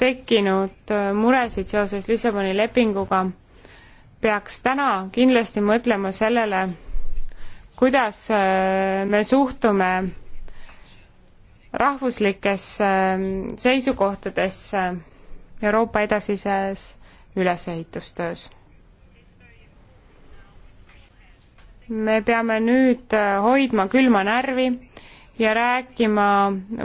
tekkinud äh, muresid seoses Lissaboni lepinguga, peaks täna kindlasti mõtlema sellele, kuidas äh, me suhtume rahvuslikesse äh, seisukohtadesse Euroopa edasises ülesehitustöös. me peame nüüd hoidma külma närvi ja rääkima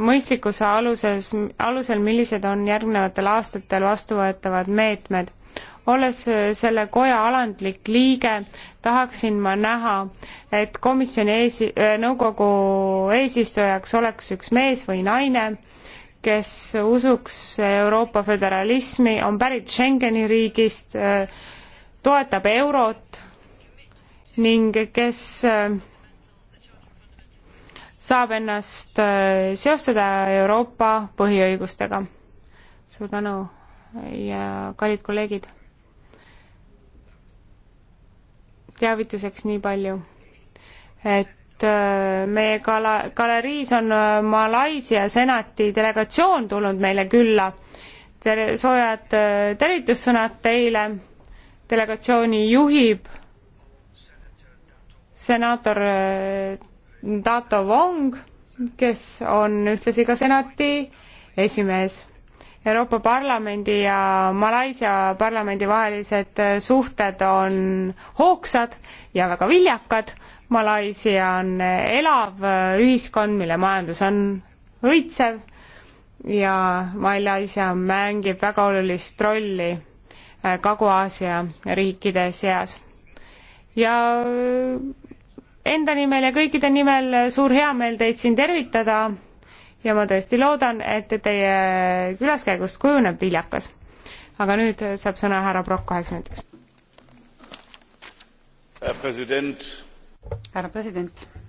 mõistlikkuse aluses, alusel, millised on järgnevatel aastatel vastuvõetavad meetmed. olles selle koja alandlik liige, tahaksin ma näha, et komisjoni eesi-, nõukogu eesistujaks oleks üks mees või naine, kes usuks Euroopa föderalismi, on pärit Schengeni riigist, toetab Eurot ning kes saab ennast äh, seostada Euroopa põhiõigustega. suur tänu ja kallid kolleegid. teavituseks nii palju, et äh, meie gala-, galeriis on äh, Malaisia senati delegatsioon tulnud meile külla. tere, soojad tervitussõnad teile. delegatsiooni juhib senaator Dato Wong, kes on ühtlasi ka senati esimees. Euroopa Parlamendi ja Malaisia parlamendi vahelised suhted on hoogsad ja väga viljakad. Malaisia on elav ühiskond, mille majandus on õitsev ja Malaisia mängib väga olulist rolli äh, Kagu-Aasia riikide seas. ja enda nimel ja kõikide nimel suur heameel teid siin tervitada ja ma tõesti loodan, et teie külaskäigust kujuneb viljakas. aga nüüd saab sõna härra Prokk kaheks minutiks. härra president. härra president